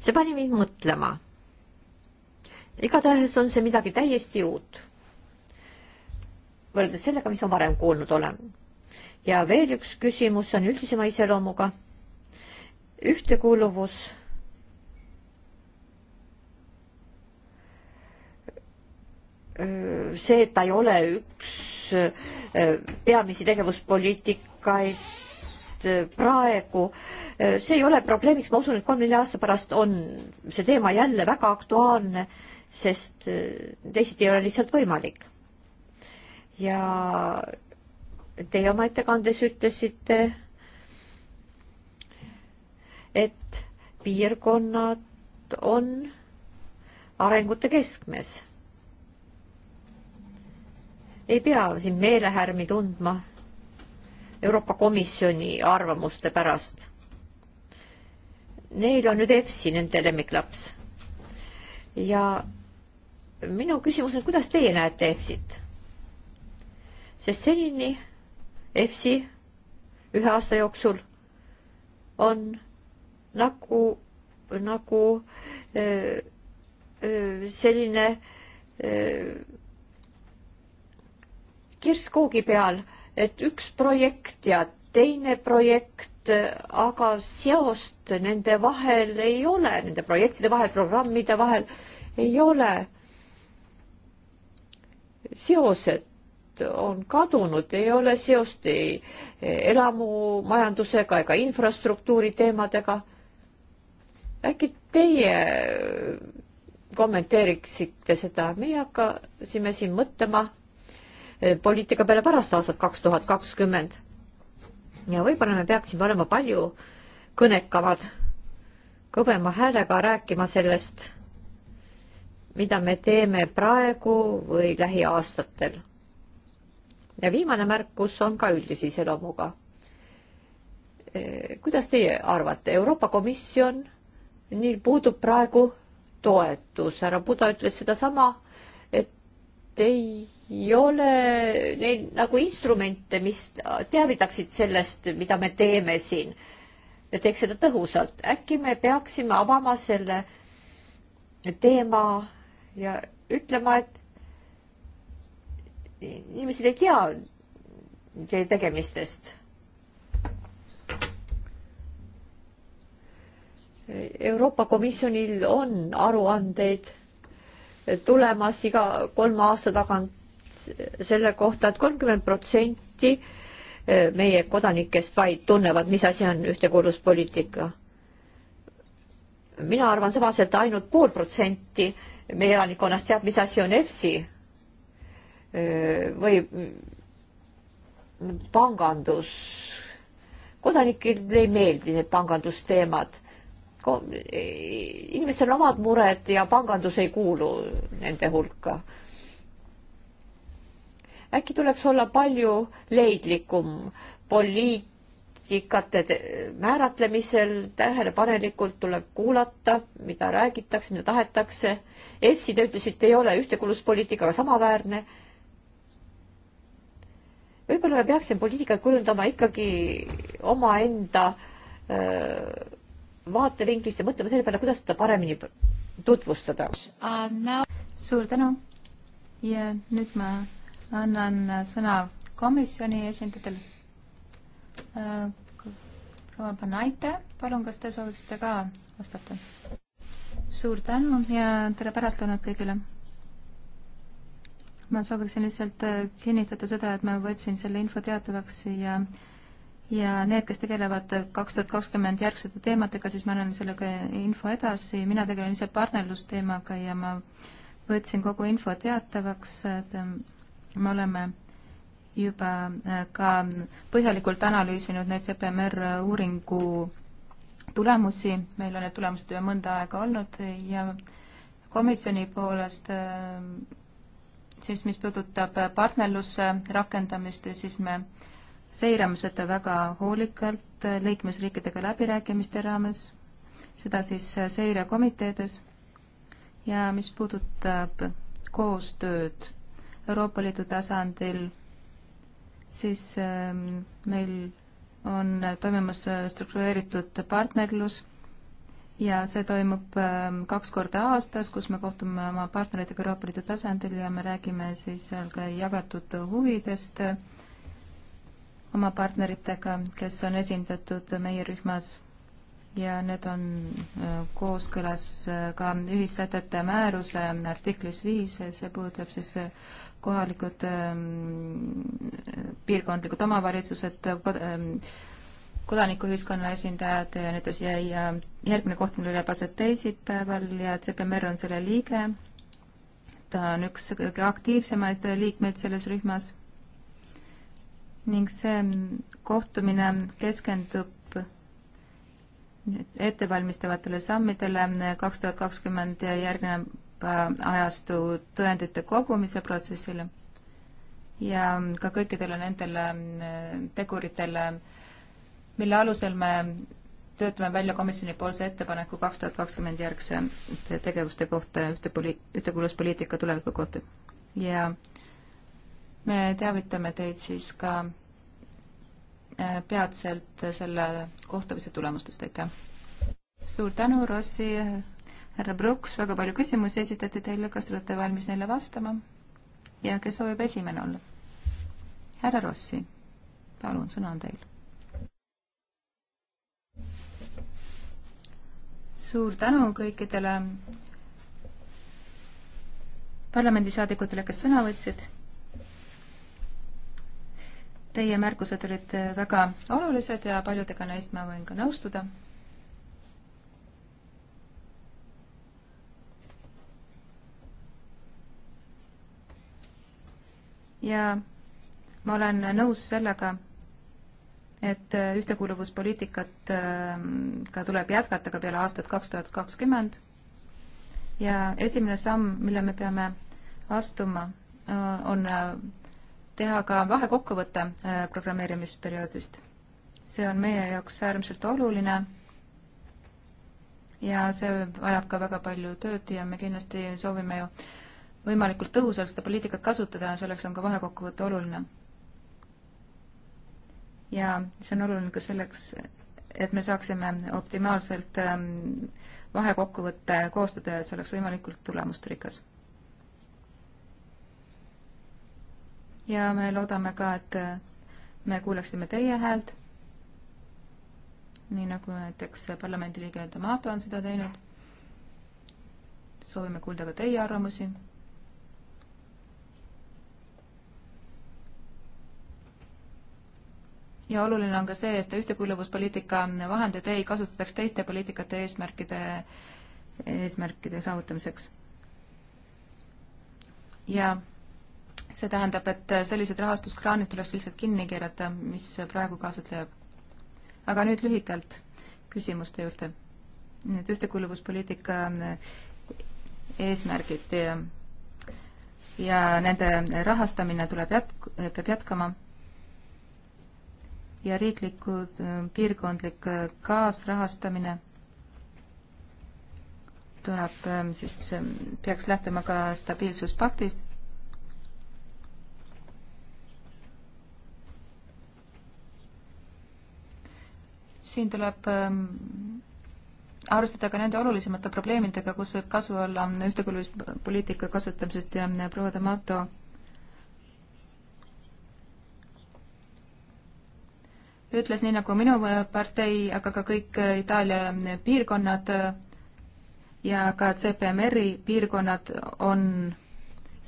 see pani mind mõtlema. igatahes on see midagi täiesti uut. võrreldes sellega, mis ma varem kuulnud olen. ja veel üks küsimus on üldisema iseloomuga. ühtekuuluvus see, et ta ei ole üks peamisi tegevuspoliitikaid, Äh, praegu, äh, see ei ole probleemiks, ma usun, et kolm-nelja aasta pärast on see teema jälle väga aktuaalne, sest äh, teisiti ei ole lihtsalt võimalik. ja teie oma ettekandes ütlesite, et piirkonnad on arengute keskmes. ei pea siin meelehärmi tundma Euroopa Komisjoni arvamuste pärast. Neil on nüüd EFSI, nende lemmiklaps. ja minu küsimus on, kuidas teie näete EFSit? sest senini EFSi ühe aasta jooksul on nagu, nagu öö, öö, selline öö, kirss koogi peal et üks projekt ja teine projekt, aga seost nende vahel ei ole, nende projektide vahel, programmide vahel ei ole. seosed on kadunud, ei ole seost ei elamumajandusega ega infrastruktuuri teemadega. äkki teie kommenteeriksite seda, meie hakkasime siin mõtlema Eh, poliitika peale pärast aastat kaks tuhat kakskümmend. ja võib-olla me peaksime olema palju kõnekamad, kõvema häälega rääkima sellest, mida me teeme praegu või lähiaastatel. ja viimane märkus on ka üldise iseloomuga eh, kuidas teie arvate, Euroopa Komisjon, neil puudub praegu toetus, härra Buda ütles sedasama, et ei ole neil nagu instrumente, mis teavitaksid sellest, mida me teeme siin ja teeks seda tõhusalt. äkki me peaksime avama selle teema ja ütlema, et inimesed ei tea teie tegemistest. Euroopa Komisjonil on aruandeid tulemas iga kolme aasta tagant selle kohta et, et kolmkümmend protsenti eh, meie kodanikest vaid tunnevad, mis asi on ühtekuuluvuspoliitika. mina arvan samas, et ainult pool protsenti meie elanikkonnast teab, mis asi on EFSI eh, või pangandus. kodanikele ei meeldi need pangandusteemad inimestel on omad mured ja pangandus ei kuulu nende hulka. äkki tuleks olla palju leidlikum poliitikate määratlemisel, tähelepanelikult tuleb kuulata, mida räägitakse, mida tahetakse. EFSi te ütlesite, ei ole ühtekuuluvuspoliitikaga samaväärne. võib-olla me peaksime poliitikat kujundama ikkagi omaenda öö, vaatevinklist ja mõtlema selle peale, kuidas seda paremini tutvustada uh,. Now... suur tänu ja nüüd ma annan sõna komisjoni esindajatele uh,. proua Panaite, palun, kas te sooviksite ka vastata? suur tänu ja tere pärastlõunat kõigile! ma sooviksin lihtsalt kinnitada seda, et ma võtsin selle info teatavaks ja äh, ja need, kes tegelevad kaks tuhat kakskümmend järgsete teemadega, siis ma annan sellega info edasi, mina tegelen ise partnerlusteemaga ja ma võtsin kogu info teatavaks, et ähm, me oleme juba äh, ka põhjalikult analüüsinud neid CPMR uuringu tulemusi, meil on need tulemused juba mõnda aega olnud ja komisjoni poolest ähm, siis, mis puudutab partnerluse rakendamist, siis me äh, seirame seda väga hoolikalt liikmesriikidega läbirääkimiste raames, seda siis seirekomiteedes ja mis puudutab koostööd Euroopa Liidu tasandil, siis ähm, meil on toimumas struktureeritud partnerlus ja see toimub ähm, kaks korda aastas, kus me kohtume oma partneritega Euroopa Liidu tasandil ja me räägime siis seal ka jagatud huvidest oma partneritega, kes on esindatud meie rühmas ja need on äh, kooskõlas äh, ka ühissätete määruse artiklis viis, see puudutab siis äh, kohalikud ähm, piirkondlikud omavalitsused, ähm, kodanikuühiskonna esindajad ja nii edasi ja järgmine kohtumine leiab aset teisipäeval ja CPMR on selle liige. ta on üks kõige aktiivsemaid liikmeid selles rühmas ning see kohtumine keskendub ettevalmistavatele sammidele kaks tuhat kakskümmend ja järgneva ajastu tõendite kogumise protsessile ja ka kõikidele nendele äh, teguritele, mille alusel me töötame välja komisjonipoolse ettepaneku kaks tuhat kakskümmend järgse tegevuste kohta ühte poli-, ühtekuuluvuspoliitika tuleviku kohta. ja äh, me teavitame teid siis ka äh, peatselt selle kohtumise tulemustest, aitäh! suur tänu, Rossi, härra Bruks, väga palju küsimusi esitati teile, kas te olete valmis neile vastama? ja kes soovib esimene olla? härra Rossi, palun, sõna on teil. suur tänu kõikidele parlamendisaadikutele, kes sõna võtsid Teie märkused olid väga olulised ja paljudega neist ma võin ka nõustuda. ja ma olen nõus sellega, et ühtekuuluvuspoliitikat ähm, ka tuleb jätkata ka peale aastat kaks tuhat kakskümmend. ja esimene samm, mille me peame astuma, äh, on äh, teha ka vahekokkuvõte äh, programmeerimisperioodist. see on meie jaoks äärmiselt oluline ja see vajab ka väga palju tööd ja me kindlasti soovime ju võimalikult tõhusalt seda poliitikat kasutada ja selleks on ka vahekokkuvõte oluline. ja see on oluline ka selleks, et me saaksime optimaalselt ähm, vahekokkuvõtte koostada ja et see oleks võimalikult tulemusrikas ja me loodame ka, et me kuuleksime teie häält, nii nagu näiteks parlamendiliige Damato on seda teinud. soovime kuulda ka teie arvamusi ja oluline on ka see, et ühtekuuluvuspoliitika vahendeid ei kasutataks teiste poliitikate eesmärkide, eesmärkide saavutamiseks. ja see tähendab, et sellised rahastuskraanid tuleks lihtsalt kinni keerata, mis praegu kaasat leiab. aga nüüd lühidalt küsimuste juurde. nüüd ühtekuuluvuspoliitika eesmärgid ja, ja nende rahastamine tuleb jätk-, peab jätkama ja riiklikud, piirkondlik kaasrahastamine tuleb siis, peaks lähtuma ka stabiilsuspaktist siin tuleb ähm, arvestada ka nende olulisemate probleemidega, kus võib kasu olla ühtekuuluvuspoliitika kasutamisest ja proua Damato ütles nii nagu minu äh, partei, aga ka kõik äh, Itaalia äh, piirkonnad ja ka CPMR-i piirkonnad on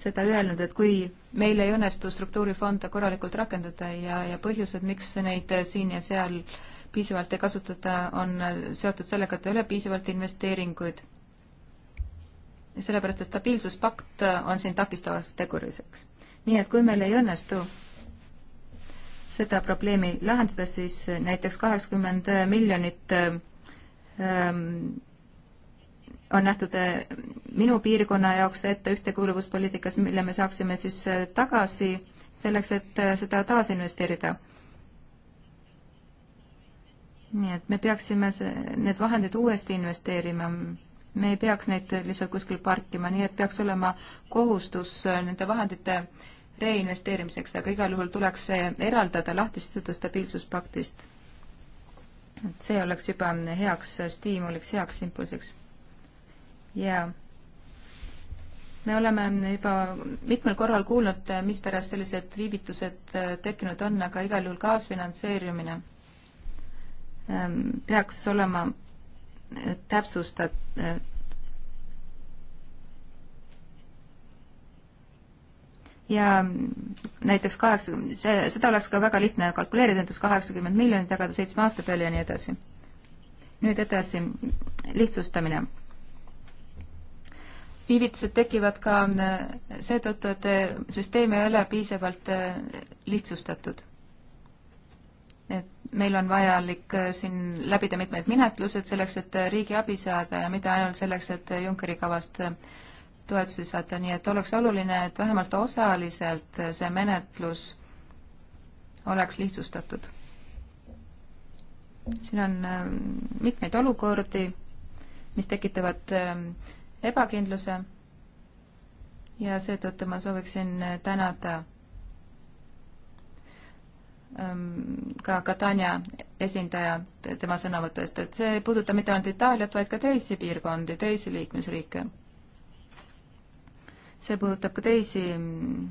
seda öelnud, et kui meil ei õnnestu struktuurifonde korralikult rakendada ja, ja põhjused, miks neid siin ja seal äh, piisavalt ei kasutata, on seotud sellega, et ei ole piisavalt investeeringuid. sellepärast, et stabiilsuspakt on siin takistavaks teguriseks. nii et kui meil ei õnnestu seda probleemi lahendada, siis näiteks kaheksakümmend miljonit ähm, on nähtud äh, minu piirkonna jaoks ette ühtekuuluvuspoliitikast, mille me saaksime siis äh, tagasi selleks, et äh, seda taasinvesteerida nii et me peaksime see, need vahendid uuesti investeerima, me ei peaks neid lihtsalt kuskil parkima, nii et peaks olema kohustus nende vahendite reinvesteerimiseks, aga igal juhul tuleks see eraldada, lahti siduda stabiilsuspaktist. et see oleks juba heaks stiimuliks, heaks impulsiks. ja me oleme juba mitmel korral kuulnud, mispärast sellised viivitused tekkinud on, aga igal juhul kaasfinantseerimine Ehm, peaks olema eh, täpsustat-, eh, ja mm, näiteks kaheksa, see, seda oleks ka väga lihtne kalkuleerida, näiteks kaheksakümmend miljonit jagada seitsme aasta peale ja nii edasi. nüüd edasi, mm, lihtsustamine. viivitused tekivad ka mm, seetõttu, et eh, süsteem ei ole piisavalt lihtsustatud meil on vajalik äh, siin läbida mitmed menetlused selleks, et äh, riigi abi saada ja mitte ainult selleks, et äh, Junckeri kavast toetusi saada, nii et oleks oluline, et vähemalt osaliselt see menetlus oleks lihtsustatud. siin on ähm, mitmeid olukordi, mis tekitavad ähm, ebakindluse ja seetõttu ma sooviksin tänada Ehm, ka Katania esindaja tema sõnavõtu eest, et see ei puuduta mitte ainult Itaaliat, vaid ka teisi piirkondi, teisi liikmesriike. see puudutab ka teisi mm,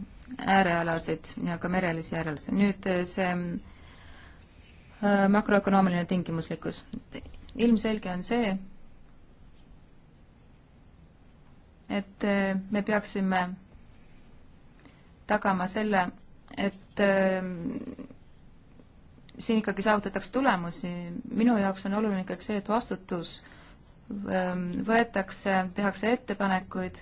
äärealasid ja ka merelisi äärealasid. nüüd eh, see eh, makroökonoomiline tingimuslikkus. ilmselge on see, et eh, me peaksime tagama selle, et siin ikkagi saavutatakse tulemusi. minu jaoks on oluline ikkagi see, et vastutus ähm, võetakse, tehakse ettepanekuid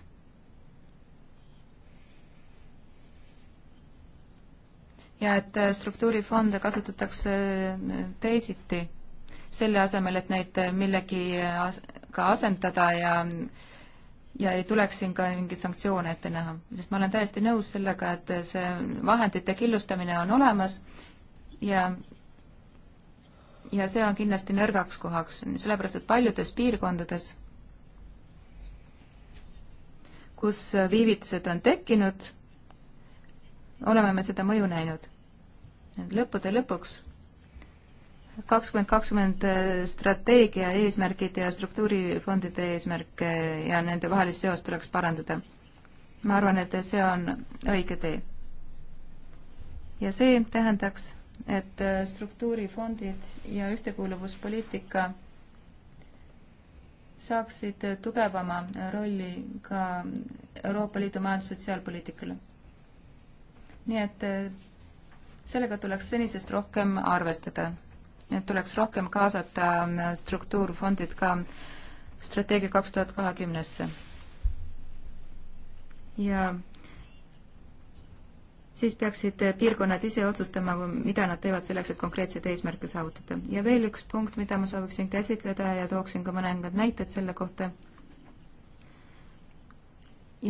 ja et äh, struktuurifonde kasutatakse äh, teisiti, selle asemel, et neid äh, millegiga as asendada ja, ja ei tuleks siin ka mingeid sanktsioone ette näha. sest ma olen täiesti nõus sellega, et see vahendite killustamine on olemas ja ja see on kindlasti nõrgaks kohaks, sellepärast et paljudes piirkondades, kus viivitused on tekkinud, oleme me seda mõju näinud. lõppude lõpuks kakskümmend kakskümmend äh, strateegia eesmärgid ja struktuurifondide eesmärk ja nende vahelist seost tuleks parandada. ma arvan, et see on õige tee. ja see tähendaks et äh, struktuurifondid ja ühtekuuluvuspoliitika saaksid äh, tugevama äh, rolli ka Euroopa Liidu majandussotsiaalpoliitikale. nii et sellega tuleks senisest rohkem arvestada. et tuleks rohkem kaasata struktuurfondid ka strateegia kaks tuhat kahekümnesse. ja siis peaksid piirkonnad ise otsustama, mida nad teevad selleks, et konkreetseid eesmärke saavutada. ja veel üks punkt, mida ma sooviksin käsitleda ja tooksin ka mõningad näited selle kohta.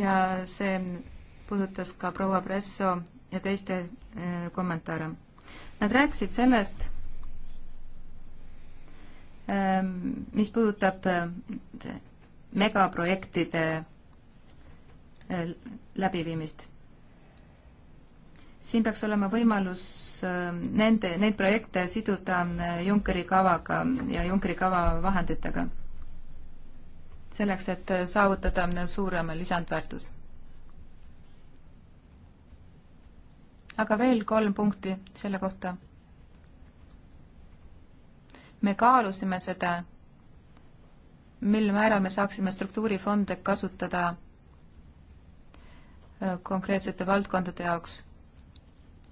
ja see puudutas ka proua Presso ja teiste eh, kommentaare. Nad rääkisid sellest, ehm, mis puudutab eh, megaprojektide eh, läbiviimist siin peaks olema võimalus ähm, nende, neid projekte siduda äh, Junckeri kavaga ja Junckeri kava vahenditega. selleks, et äh, saavutada äh, suurem lisandväärtus. aga veel kolm punkti selle kohta. me kaalusime seda, mil määral me saaksime struktuurifonde kasutada konkreetsete valdkondade jaoks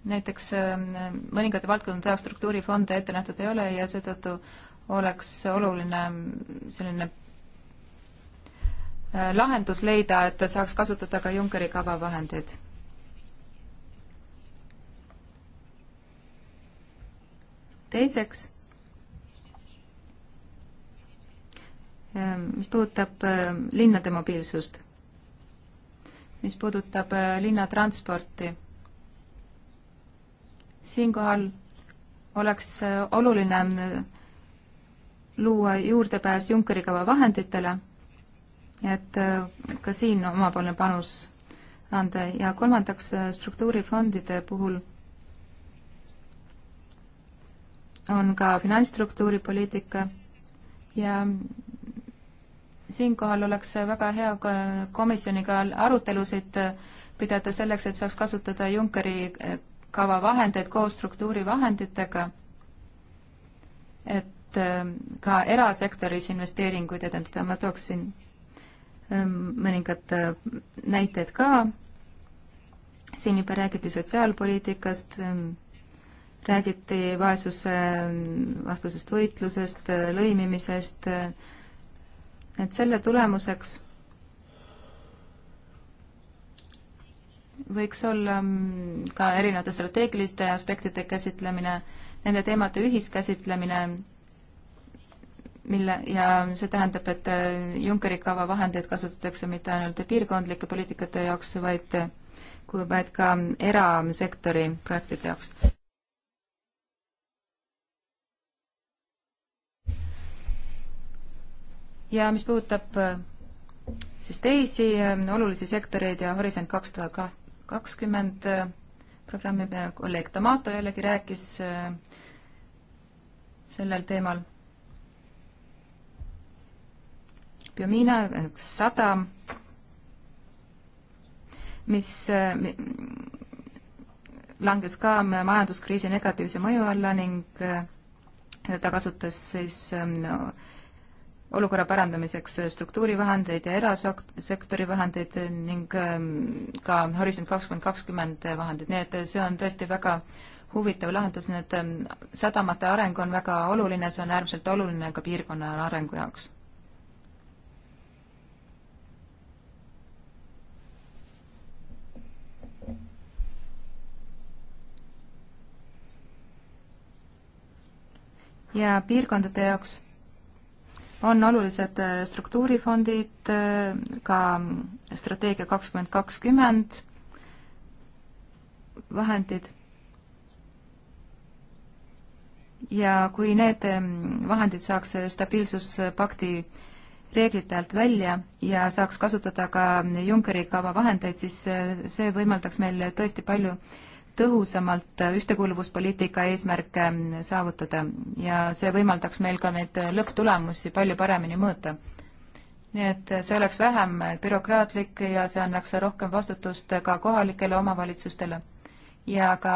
näiteks ähm, mõningate valdkondade jaoks struktuurifonde ette nähtud ei ole ja seetõttu oleks oluline ähm, selline äh, lahendus leida, et saaks kasutada ka Junckeri kava vahendeid. teiseks, ähm, mis puudutab linnade mobiilsust, mis puudutab äh, linnatransporti siinkohal oleks äh, oluline äh, luua juurdepääs Junckeri kava vahenditele, et äh, ka siin omapoolne panus anda ja kolmandaks struktuurifondide puhul on ka finantsstruktuuri poliitika ja siinkohal oleks väga hea komisjoniga arutelusid pidada selleks, et saaks kasutada Junckeri kava vahendeid koos struktuurivahenditega, et ähm, ka erasektoris investeeringuid edendada, ma tooksin ähm, mõningad äh, näited ka, siin juba räägiti sotsiaalpoliitikast, ähm, räägiti vaesuse vastasest võitlusest, äh, lõimimisest, äh, et selle tulemuseks võiks olla mm, ka erinevate strateegiliste aspektide käsitlemine, nende teemade ühiskäsitlemine, mille, ja see tähendab, et äh, Junckeri kava vahendeid kasutatakse mitte ainult piirkondlike poliitikate jaoks, vaid, vaid ka erasektori projektide jaoks. ja mis puudutab äh, siis teisi äh, olulisi sektoreid ja Horisont kaks tuhat kaht-, kakskümmend äh, programmi peal kolleeg Tomato jällegi rääkis äh, sellel teemal. Biomina sadam, mis äh, langes ka majanduskriisi negatiivse mõju alla ning ta kasutas siis no, olukorra parandamiseks struktuurivahendeid ja erasektori vahendeid ning ähm, ka Horisont kakskümmend kakskümmend vahendeid, nii et see on tõesti väga huvitav lahendus, nii et ähm, sadamate areng on väga oluline, see on äärmiselt oluline ka piirkonna arengu jaoks. ja piirkondade jaoks on olulised äh, struktuurifondid, äh, ka strateegia kakskümmend kakskümmend vahendid. ja kui need ähm, vahendid saaks äh, stabiilsuspakti reeglite alt välja ja saaks kasutada ka Junckeri kava vahendeid, siis see võimaldaks meil tõesti palju äh, tõhusamalt ühtekuuluvuspoliitika eesmärke saavutada ja see võimaldaks meil ka neid lõpptulemusi palju paremini mõõta. nii et see oleks vähem bürokraatlik ja see annaks rohkem vastutust ka kohalikele omavalitsustele. ja ka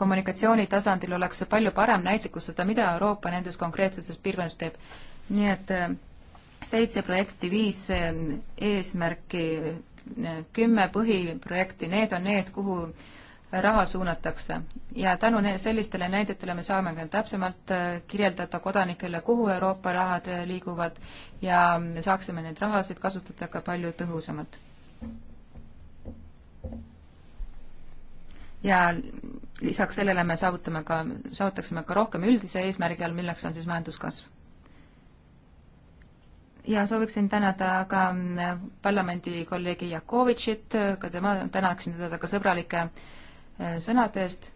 kommunikatsiooni tasandil oleks see palju parem näitlikustada, mida Euroopa nendes konkreetsetes piirkondades teeb. nii et eh, seitse projekti, viis eh, eesmärki eh, kümme põhiprojekti, need on need, kuhu raha suunatakse ja tänu sellistele näidetele me saame ka täpsemalt äh, kirjeldada kodanikele, kuhu Euroopa rahad äh, liiguvad ja me saaksime neid rahasid kasutada ka palju tõhusamalt. ja lisaks sellele me saavutame ka, saavutaksime ka rohkem üldise eesmärgi all, milleks on siis majanduskasv. ja sooviksin tänada ka äh, parlamendi kolleegi Jakovitšit, ka tema, tänaksin teda ka sõbralike äh, Äh, sõnade eest.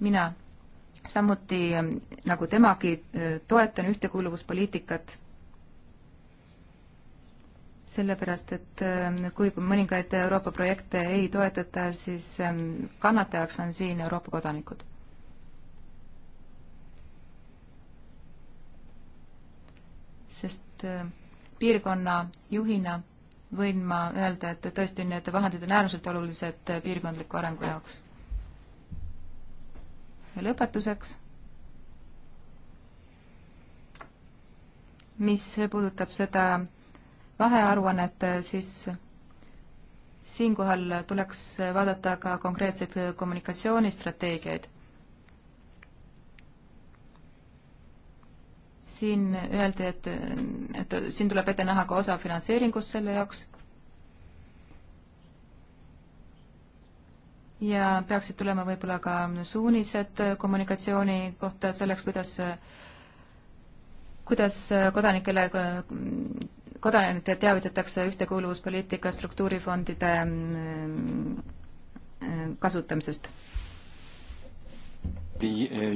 mina samuti ähm, nagu temagi äh, toetan ühtekuuluvuspoliitikat. sellepärast, et ähm, kui mõningaid Euroopa projekte ei toetata, siis ähm, kannatajaks on siin Euroopa kodanikud. sest äh, piirkonna juhina võin ma öelda, et tõesti need vahendid on äärmiselt olulised piirkondliku arengu jaoks lõpetuseks, mis puudutab seda vahearuannet, siis siinkohal tuleks vaadata ka konkreetseid kommunikatsioonistrateegiaid. siin öeldi, et, et siin tuleb ette näha ka osa finantseeringust selle jaoks ja peaksid tulema võib-olla ka suunised kommunikatsiooni kohta selleks, kuidas, kuidas kodanikele, kodanikke teavitatakse ühtekuuluvuspoliitika struktuurifondide mm, kasutamisest. Äh,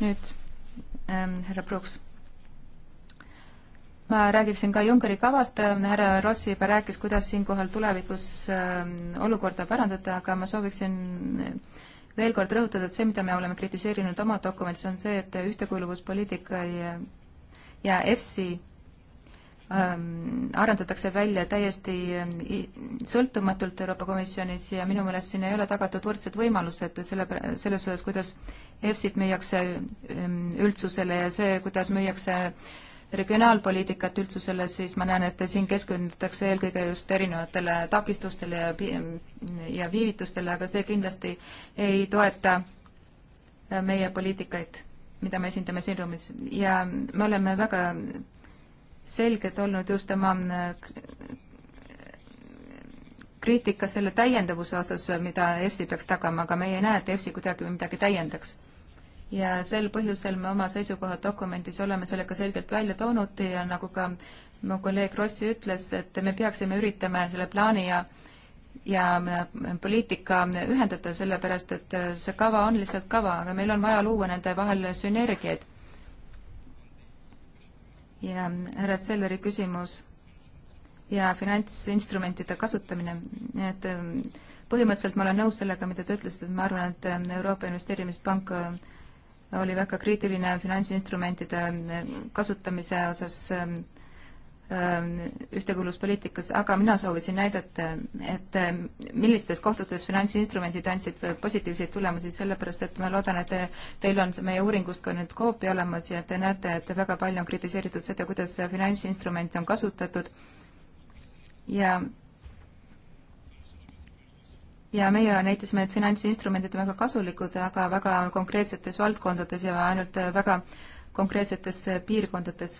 nüüd ähm, härra Pruuks ma räägiksin ka Junckeri kavast, härra Rossi juba rääkis, kuidas siinkohal tulevikus ähm, olukorda parandada, aga ma sooviksin äh, veel kord rõhutada, et see, mida me oleme kritiseerinud oma dokumendis, on see, et ühtekuuluvuspoliitika ja, ja EFSI ähm, arendatakse välja täiesti ähm, sõltumatult Euroopa Komisjonis ja minu meelest siin ei ole tagatud võrdsed võimalused selle, selles osas, kuidas EFSit müüakse ähm, üldsusele ja see, kuidas müüakse äh, regionaalpoliitikat üldsusele, siis ma näen, et siin keskendutakse eelkõige just erinevatele takistustele ja, ja viivitustele, aga see kindlasti ei toeta meie poliitikaid, mida me esindame siin ruumis ja me oleme väga selgelt olnud just oma kriitika selle täiendavuse osas, mida EFSI peaks tagama, aga meie ei näe, et EFSI kuidagi midagi täiendaks ja sel põhjusel me oma seisukohad dokumendis oleme selle ka selgelt välja toonud ja nagu ka mu kolleeg Rossi ütles, et me peaksime üritama selle plaani ja ja poliitika ühendada, sellepärast et see kava on lihtsalt kava, aga meil on vaja luua nende vahel sünergiaid. ja härra Zelleri küsimus ja finantsinstrumentide kasutamine, nii et põhimõtteliselt ma olen nõus sellega, mida te ütlesite, et ma arvan, et Euroopa Investeerimispank oli väga kriitiline finantsinstrumentide kasutamise osas ähm, ähm, ühtekuuluvuspoliitikas, aga mina soovisin näidata, et ähm, millistes kohtades finantsinstrumendid andsid positiivseid tulemusi, sellepärast et ma loodan, et teil on meie uuringust ka nüüd koopia olemas ja te näete, et väga palju on kritiseeritud seda, kuidas finantsinstrumente on kasutatud ja ja meie näitasime, et finantsinstrumendid on väga kasulikud, aga väga konkreetsetes valdkondades ja ainult väga konkreetsetes piirkondades.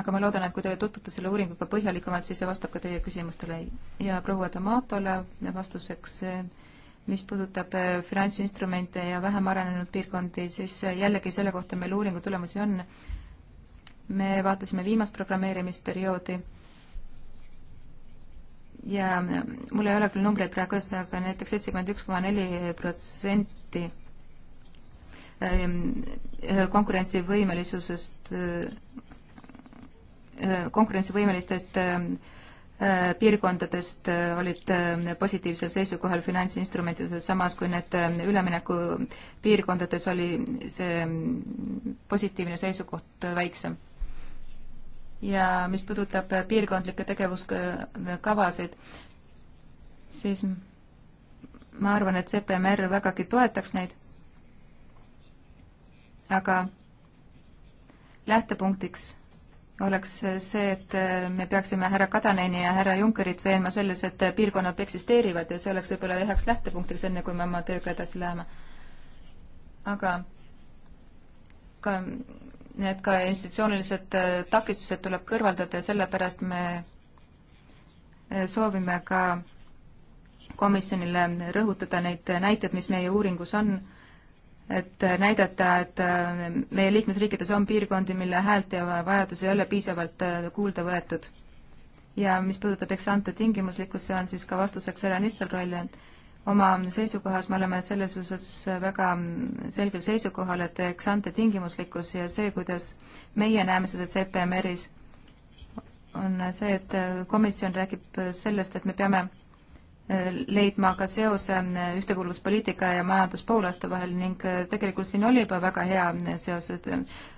aga ma loodan, et kui te tutvute selle uuringuga põhjalikumalt, siis see vastab ka teie küsimustele. ja proua Tomatole vastuseks, mis puudutab finantsinstrumente ja vähem arenenud piirkondi, siis jällegi selle kohta meil uuringu tulemusi on. me vaatasime viimast programmeerimisperioodi ja mul ei ole küll numbreid praegu ees, aga näiteks seitsekümmend üks koma neli protsenti ehm, konkurentsivõimelisusest, ehm, ehm, konkurentsivõimelistest piirkondadest olid positiivsel seisukohal finantsinstrumentides, samas kui need üleminekupiirkondades oli see positiivne seisukoht väiksem ja mis puudutab piirkondlikke tegevuskavasid, siis ma arvan, et CPMR vägagi toetaks neid. aga lähtepunktiks oleks see, et me peaksime härra Kadaneni ja härra Junckerit veenma selles, et piirkonnad eksisteerivad ja see oleks võib-olla üheks lähtepunktiks, enne kui me oma tööga edasi läheme. aga ka et ka institutsioonilised äh, takistused tuleb kõrvaldada ja sellepärast me äh, soovime ka komisjonile rõhutada neid näiteid, mis meie uuringus on, et äh, näidata, et meie liikmesriikides on piirkondi, mille häält ja vajadusi ei ole piisavalt kuulda võetud. ja mis puudutab eksante tingimuslikkust, see on siis ka vastuseks härra Nistelroile, et oma seisukohas me oleme selles osas väga selgel seisukohal, et eks ante tingimuslikkus ja see, kuidas meie näeme seda CPMR-is, on see, et komisjon räägib sellest, et me peame leidma ka seose mm, ühtekuuluvuspoliitika ja majanduspoolaste vahel ning äh, tegelikult siin oli juba väga hea mm, seos, et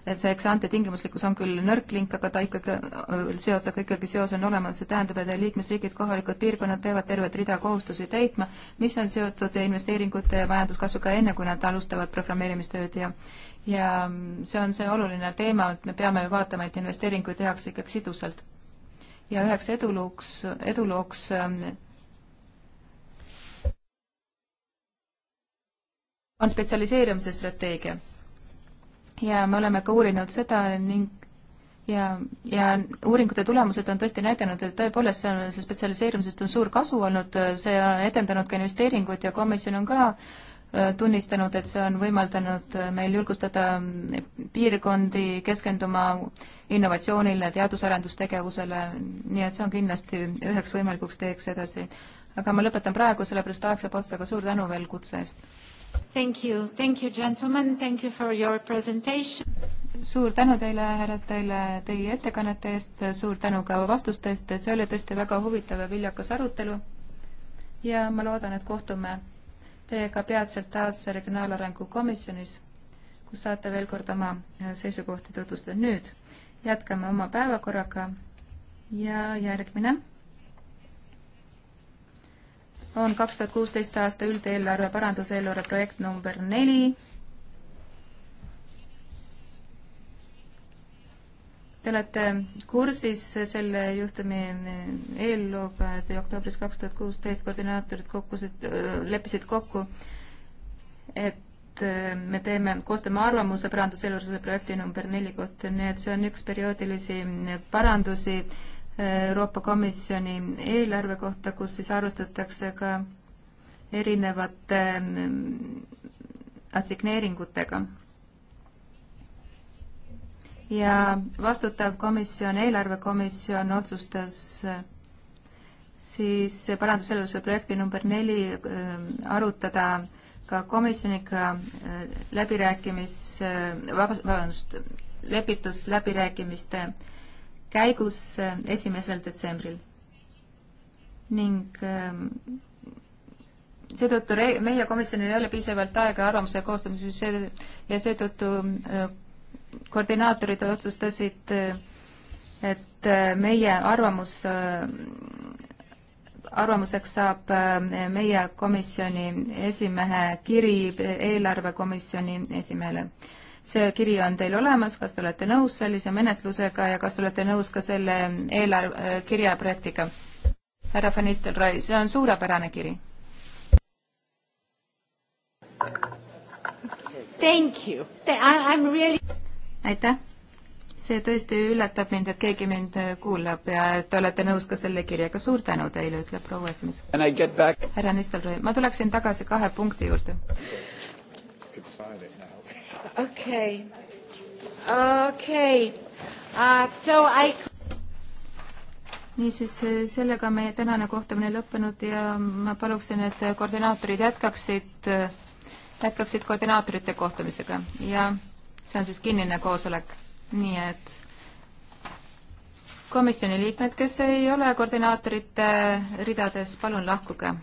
et see eksante tingimuslikkus on küll nõrk link, aga ta ikkagi, äh, seos, aga ikkagi seos on olemas, see tähendab, et liikmesriigid, kohalikud piirkonnad peavad tervet rida kohustusi täitma, mis on seotud investeeringute ja majanduskasvuga enne, kui nad alustavad programmeerimistööd ja ja mm, see on see oluline teema, et me peame ju vaatama, et investeeringuid tehakse ikkagi sidusalt. ja üheks eduluuks, edulooks, edulooks on spetsialiseerumise strateegia. ja me oleme ka uurinud seda ning ja, ja uuringute tulemused on tõesti näidanud, et tõepoolest see on, see spetsialiseerumisest on suur kasu olnud, see on edendanud ka investeeringuid ja komisjon on ka äh, tunnistanud, et see on võimaldanud äh, meil julgustada äh, piirkondi keskenduma innovatsioonile, teadus-arendustegevusele, nii et see on kindlasti üheks võimalikuks teeks edasi. aga ma lõpetan praegu, sellepärast aeg saab otsa, aga suur tänu veel kutse eest! Thank you, thank you, gentlemen, thank you for your presentation. suur tänu teile, härrad, teile teie ettekannete eest, suur tänu ka vastuste eest, see oli tõesti väga huvitav ja viljakas arutelu. ja ma loodan, et kohtume teiega peatselt taas Regionaalarengu komisjonis, kus saate veel kord oma seisukohti tutvustada. nüüd jätkame oma päevakorraga ja järgmine on kaks tuhat kuusteist aasta üldeelarve paranduseelarve projekt number neli. Te olete kursis selle juhtumi eellooga, et oktoobris kaks tuhat kuusteist koordinaatorid kokkusid, leppisid kokku, et me teeme, koostame arvamuse paranduseelarve projekti number neli kohta, nii et see on üks perioodilisi parandusi Euroopa Komisjoni eelarve kohta, kus siis arvestatakse ka erinevate mm, assigneeringutega. ja vastutav komisjon, eelarvekomisjon otsustas siis parandusseaduse projekti number neli mm, arutada ka komisjoniga mm, läbirääkimis, vabandust, lepitusläbirääkimiste äh, käigus äh, esimesel detsembril ning ähm, seetõttu meie komisjonil ei ole piisavalt aega arvamuse koostamiseks ja seetõttu äh, koordinaatorid otsustasid, äh, et meie arvamus, arvamuseks saab meie komisjoni esimehe kiri eelarvekomisjoni esimehele see kiri on teil olemas, kas te olete nõus sellise menetlusega ja kas te olete nõus ka selle eelarve, kirja projektiga? härra Van Nistelrooy, see on suurepärane kiri. Thank you, I am really aitäh! see tõesti üllatab mind, et keegi mind kuulab ja te olete nõus ka selle kirjaga. suur tänu teile, ütleb proua esimees. härra Nistelrooy, ma tuleksin tagasi kahe punkti juurde. Exciting okei okay., okei okay. uh,, so I niisiis, eh, sellega meie tänane kohtumine lõppenud ja ma paluksin, et koordinaatorid jätkaksid, eh, jätkaksid koordinaatorite kohtumisega ja see on siis kinnine koosolek, nii et komisjoni liikmed, kes ei ole koordinaatorite ridades, palun lahkuge